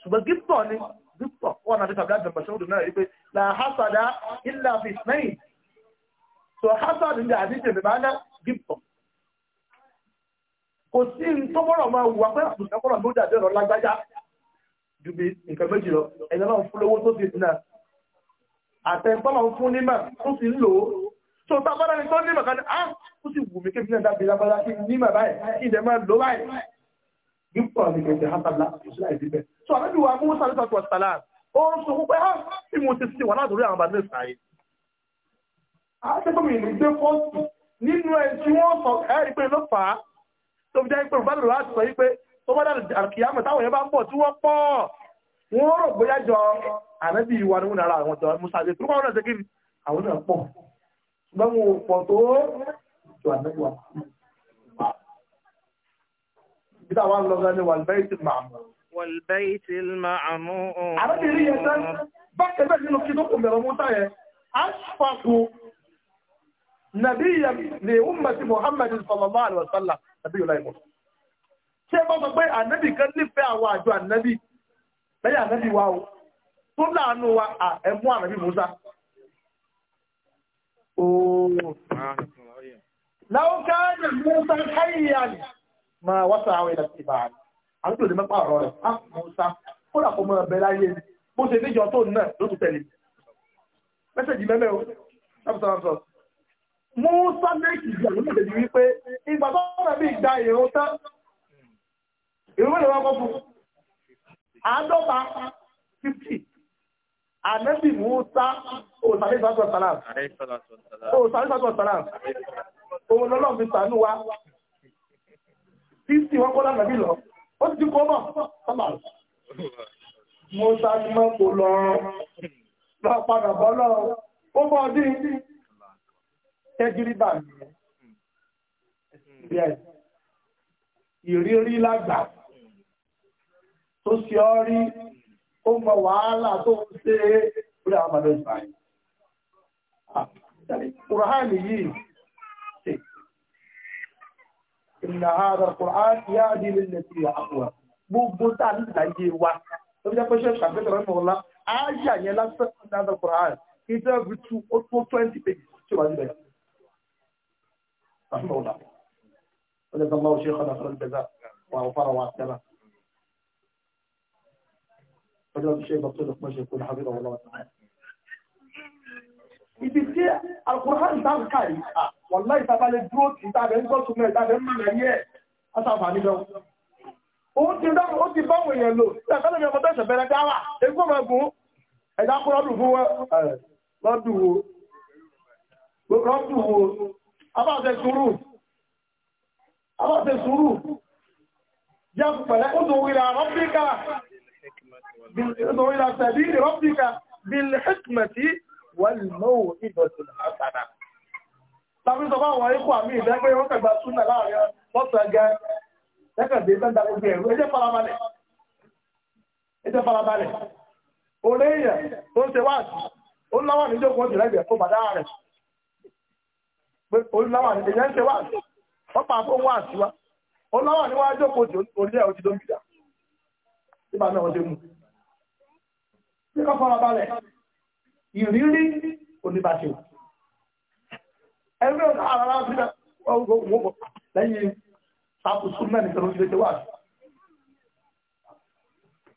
Speaker 1: ṣùgbọ́n gípọ̀ ni gípọ̀ wọn àti tàbí àjọ pẹ̀ṣọ́dù náà rí pé la hasada illa fi ismail so hasad ní ná gípọ̀ kò sí ní máa wù wá pé ló dàbí ọ̀rọ̀ lágbájá ju bí nǹkan méjì lọ ẹni ọlọ́run fún lówó tó sì náà àtẹ̀ǹtọ́lọ́run fún nímọ̀ tó sì ń lò ó tó tá a bá dáni tó nímọ̀ kan á ó sì wù mí kébí náà dábìí lábára kí nímọ̀ báyìí kí ìdẹ̀ máa lò báyìí gbígbọ́ ni kẹ̀kẹ́ hápàlá ìṣúná ìdíbẹ̀ tó àbẹ́bí wa mú sáré sọ́tù ọ̀sálà ó ń sọ pé á bí mo ti sí wà látòrí àwọn bàbá mẹ́sàn yìí. a ṣe pé mi ò ní gbé fọ́ọ̀tù nínú ẹ̀ tí wọ́n sọ ẹ̀rí pé ló fà á tó fi jẹ́ pé bàbá mi rà á pé tó bá dàrú àkìyàmọ̀ táwọn yẹn bá ń bọ̀ tí wọ́n pọ̀ wọ́n rò bóyá jọ ànábì wa ni wọ́n nara àwọn jọ musa àti ìtúrúkọ̀ náà ṣẹ́kìrì àwọn náà pọ̀ tó jọ ànábì wa. Bídà ni wàlbẹ́ẹ̀tì màmú.
Speaker 2: Wàlbẹ́ẹ̀tì màmú.
Speaker 1: sallallahu alaihi wa nàbí yóò ṣé wọ́n sọ pé ànábì kan nífẹ̀ẹ́ àwọn àjọ ànábì lẹ́yìn ànábì wa o tó láàánú wa ẹ̀mú ànábì Musa. láwọn káàdì Musa káyìyà ni máa wá sọ àwọn ìdàtí ìbá rẹ̀ àwọn tó lè mẹ́pà ọ̀rọ̀ rẹ̀ á ah, Musa kó dà kó mọ ọbẹ̀ láyé ni bó ṣe níjọ tó náà ló tún tẹ̀lé mẹ́sẹ̀jì mẹ́mẹ́ o ṣàbùsàbùsà Musa méjì ìgbà ló lè di wípé ìgbà tó rẹ̀ bí ìgbà èrò tán ìrúwé ìwọ́n kọ́ fún àádọ́ta fifty ànẹ́bì Mùsá òsàlẹ́sàtọ̀ sàlám òsàlẹ́sàtọ̀ sàlám òun lọ́lọ́ fi sànú wa fifty wọ́n kọ́ lánàbí lọ ó ti kọ́ mọ̀ sọ́mà Mùsá ni mọ́ kò lọ lọ padà bọ́ lọ ó bọ́ ọdún tẹ́jìrìbà hmm. ìrírí lágbàá tó ṣe ọ́ rí ó mọ wàhálà tó ń ṣe é orí àwọn ọmọdé ìsìláyìn. Kùránì yìí ṣe. Inna hadha Kùránì yahdi lillati hiya aqwam. Gbogbo tá ní ìdáyé wa. Ó jẹ́ pé ṣe ṣàgbéṣẹ̀ rẹ̀ mọ̀ọ́lá. Áyà yẹn lásán ní hadha Kùránì. tó twenty pages tí ó wà níbẹ̀. Àfọwọ́lá. Ó kan náà sọ́rọ́ Wà á fara wa àtẹ́lá ọjọ́ ṣe bàtọ́ lọ́pọ̀ ṣe kó ní àbílọ̀ ọlọ́ọ̀tà ibi tí alukóra ń tàn káyì wọ́n láì sábàlẹ̀ dúró tí tàbí ń gbọ́tù mẹ́ tàbí ń mú rẹ̀ yẹ́ aṣàǹfààní lọ. òun ti dáhùn ó ti báwọn èèyàn lò ṣàtàlẹ̀ mi ọmọ tó ṣẹ̀ bẹ̀rẹ̀ dáwà egbò rẹ̀ gùn ẹ̀dá kó lọ́dún fún lọ́dún wo lọ́dún wo abáṣe sùúrù abáṣe sùúrù jẹ́ pẹ̀lẹ́ ó tún wíra rọ́bíkà ادعو إلى سبيل ربك بالحكمة والموعظة الحسنة tàbí sọ bá àwọn ikú àmì ìdẹ́gbẹ́ wọ́n kẹgbà súnà láàrin lọ́sàn gẹ lẹ́kẹ̀dé sẹ́ńdà gbogbo ẹ̀rọ ẹjẹ́ farabalẹ̀ ẹjẹ́ farabalẹ̀ òní èèyàn tó ń ṣe wáàsí ó láwà ní ìjókòó ọ̀sẹ̀ lẹ́gbẹ̀ẹ́ tó bàdá rẹ̀ pé ó láwà ní èèyàn ń ṣe tí kọ́ fọ́nà balẹ̀ ìrírí oníbàṣẹ́ ẹgbẹ́ ọ̀nà àrárá sí ọgbọ̀gbọ̀ lẹ́yìn sàkóso mẹ́rin tẹ̀lé oṣù tẹ́wà sí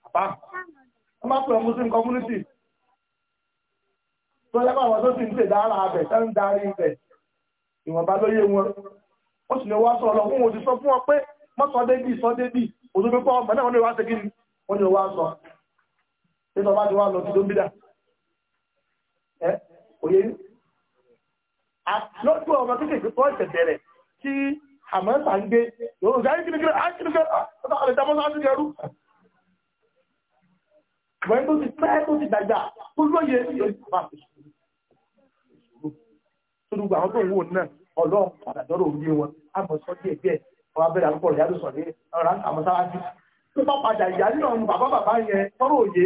Speaker 1: àpá ọmọ pẹ̀lú muslim community tó lẹ́gbà wọn tó sì ń pè dára abẹ̀ tẹ́ ń darí ibẹ̀ ìwọ̀nba lóye wọn ó sì ní wá sọ ọlọ́ fún òṣìṣọ́ fún ọ pé mọ́sọdébì sọdébì òṣèlú pé ọmọ náà wọ́n ní wá ṣe kí ni wọ́n ní wá sọ tí tọ́ bá ti wá lọ tí tó bídà ẹ́ òye lọ́jọ́ ọmọ kéèkéé tó ẹ̀sẹ̀ bẹ̀rẹ̀ tí àmọ́sà ń gbé lọ́rùn sí àìkìníkìrì àìkìníkìrì àìkìníkìrì àìkìníkìrì wọ́n tó ti pẹ́ tó ti dàgbà tó lóye tódùgbà àwọn tó ń wò náà ọlọ́run àdàdọ́rọ̀ òye wọn àmọ̀sọ́ díẹ̀ díẹ̀ ọ̀rọ̀ abẹ́rẹ́ àlùkò ìyá ló sọ ní ọ̀rọ̀ àmọ̀sáwájú tó bá padà ìyá nínú bàbá bàbá yẹn tọ́rọ̀ òye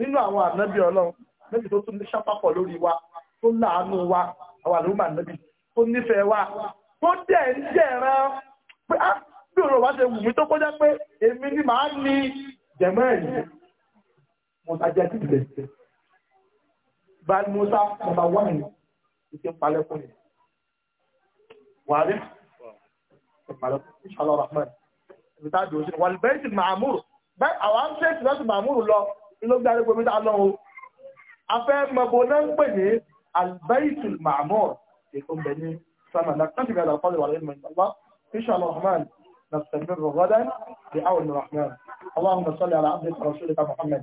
Speaker 1: nínú àwọn ànábì ọlọ́run méjì tó tún ní sápapọ̀ lórí wa tó láàánú wa àwọn àlùmọ̀ ànábì tó nífẹ̀ẹ́ wa tó dẹ̀ ń jẹ̀ràn pé á ah, bí òun wá ṣe wù mí tó kọjá pé èmi ni màá ní jẹ̀mọ́ ẹ̀yìn mo ta jẹ́ ìdílé ìdílé bá musa nọmba wán ìṣe palẹ́kùn yìí wàhálì palẹ́kùn ìṣàlọ́ rahman ìbí tá a dùn sí wàlùbẹ́ẹ̀tì màmúrù bẹ́ẹ̀ àwọn àmì ló gbárí pé mítà lọ́wọ́ afẹ́ mọ̀bọ̀ náà ń pè ní albaitul ma'mur ìkún bẹ̀ ní sama na kan shiga da kwallo walayin mai tsalla insha Allah rahman na sabbin ramadan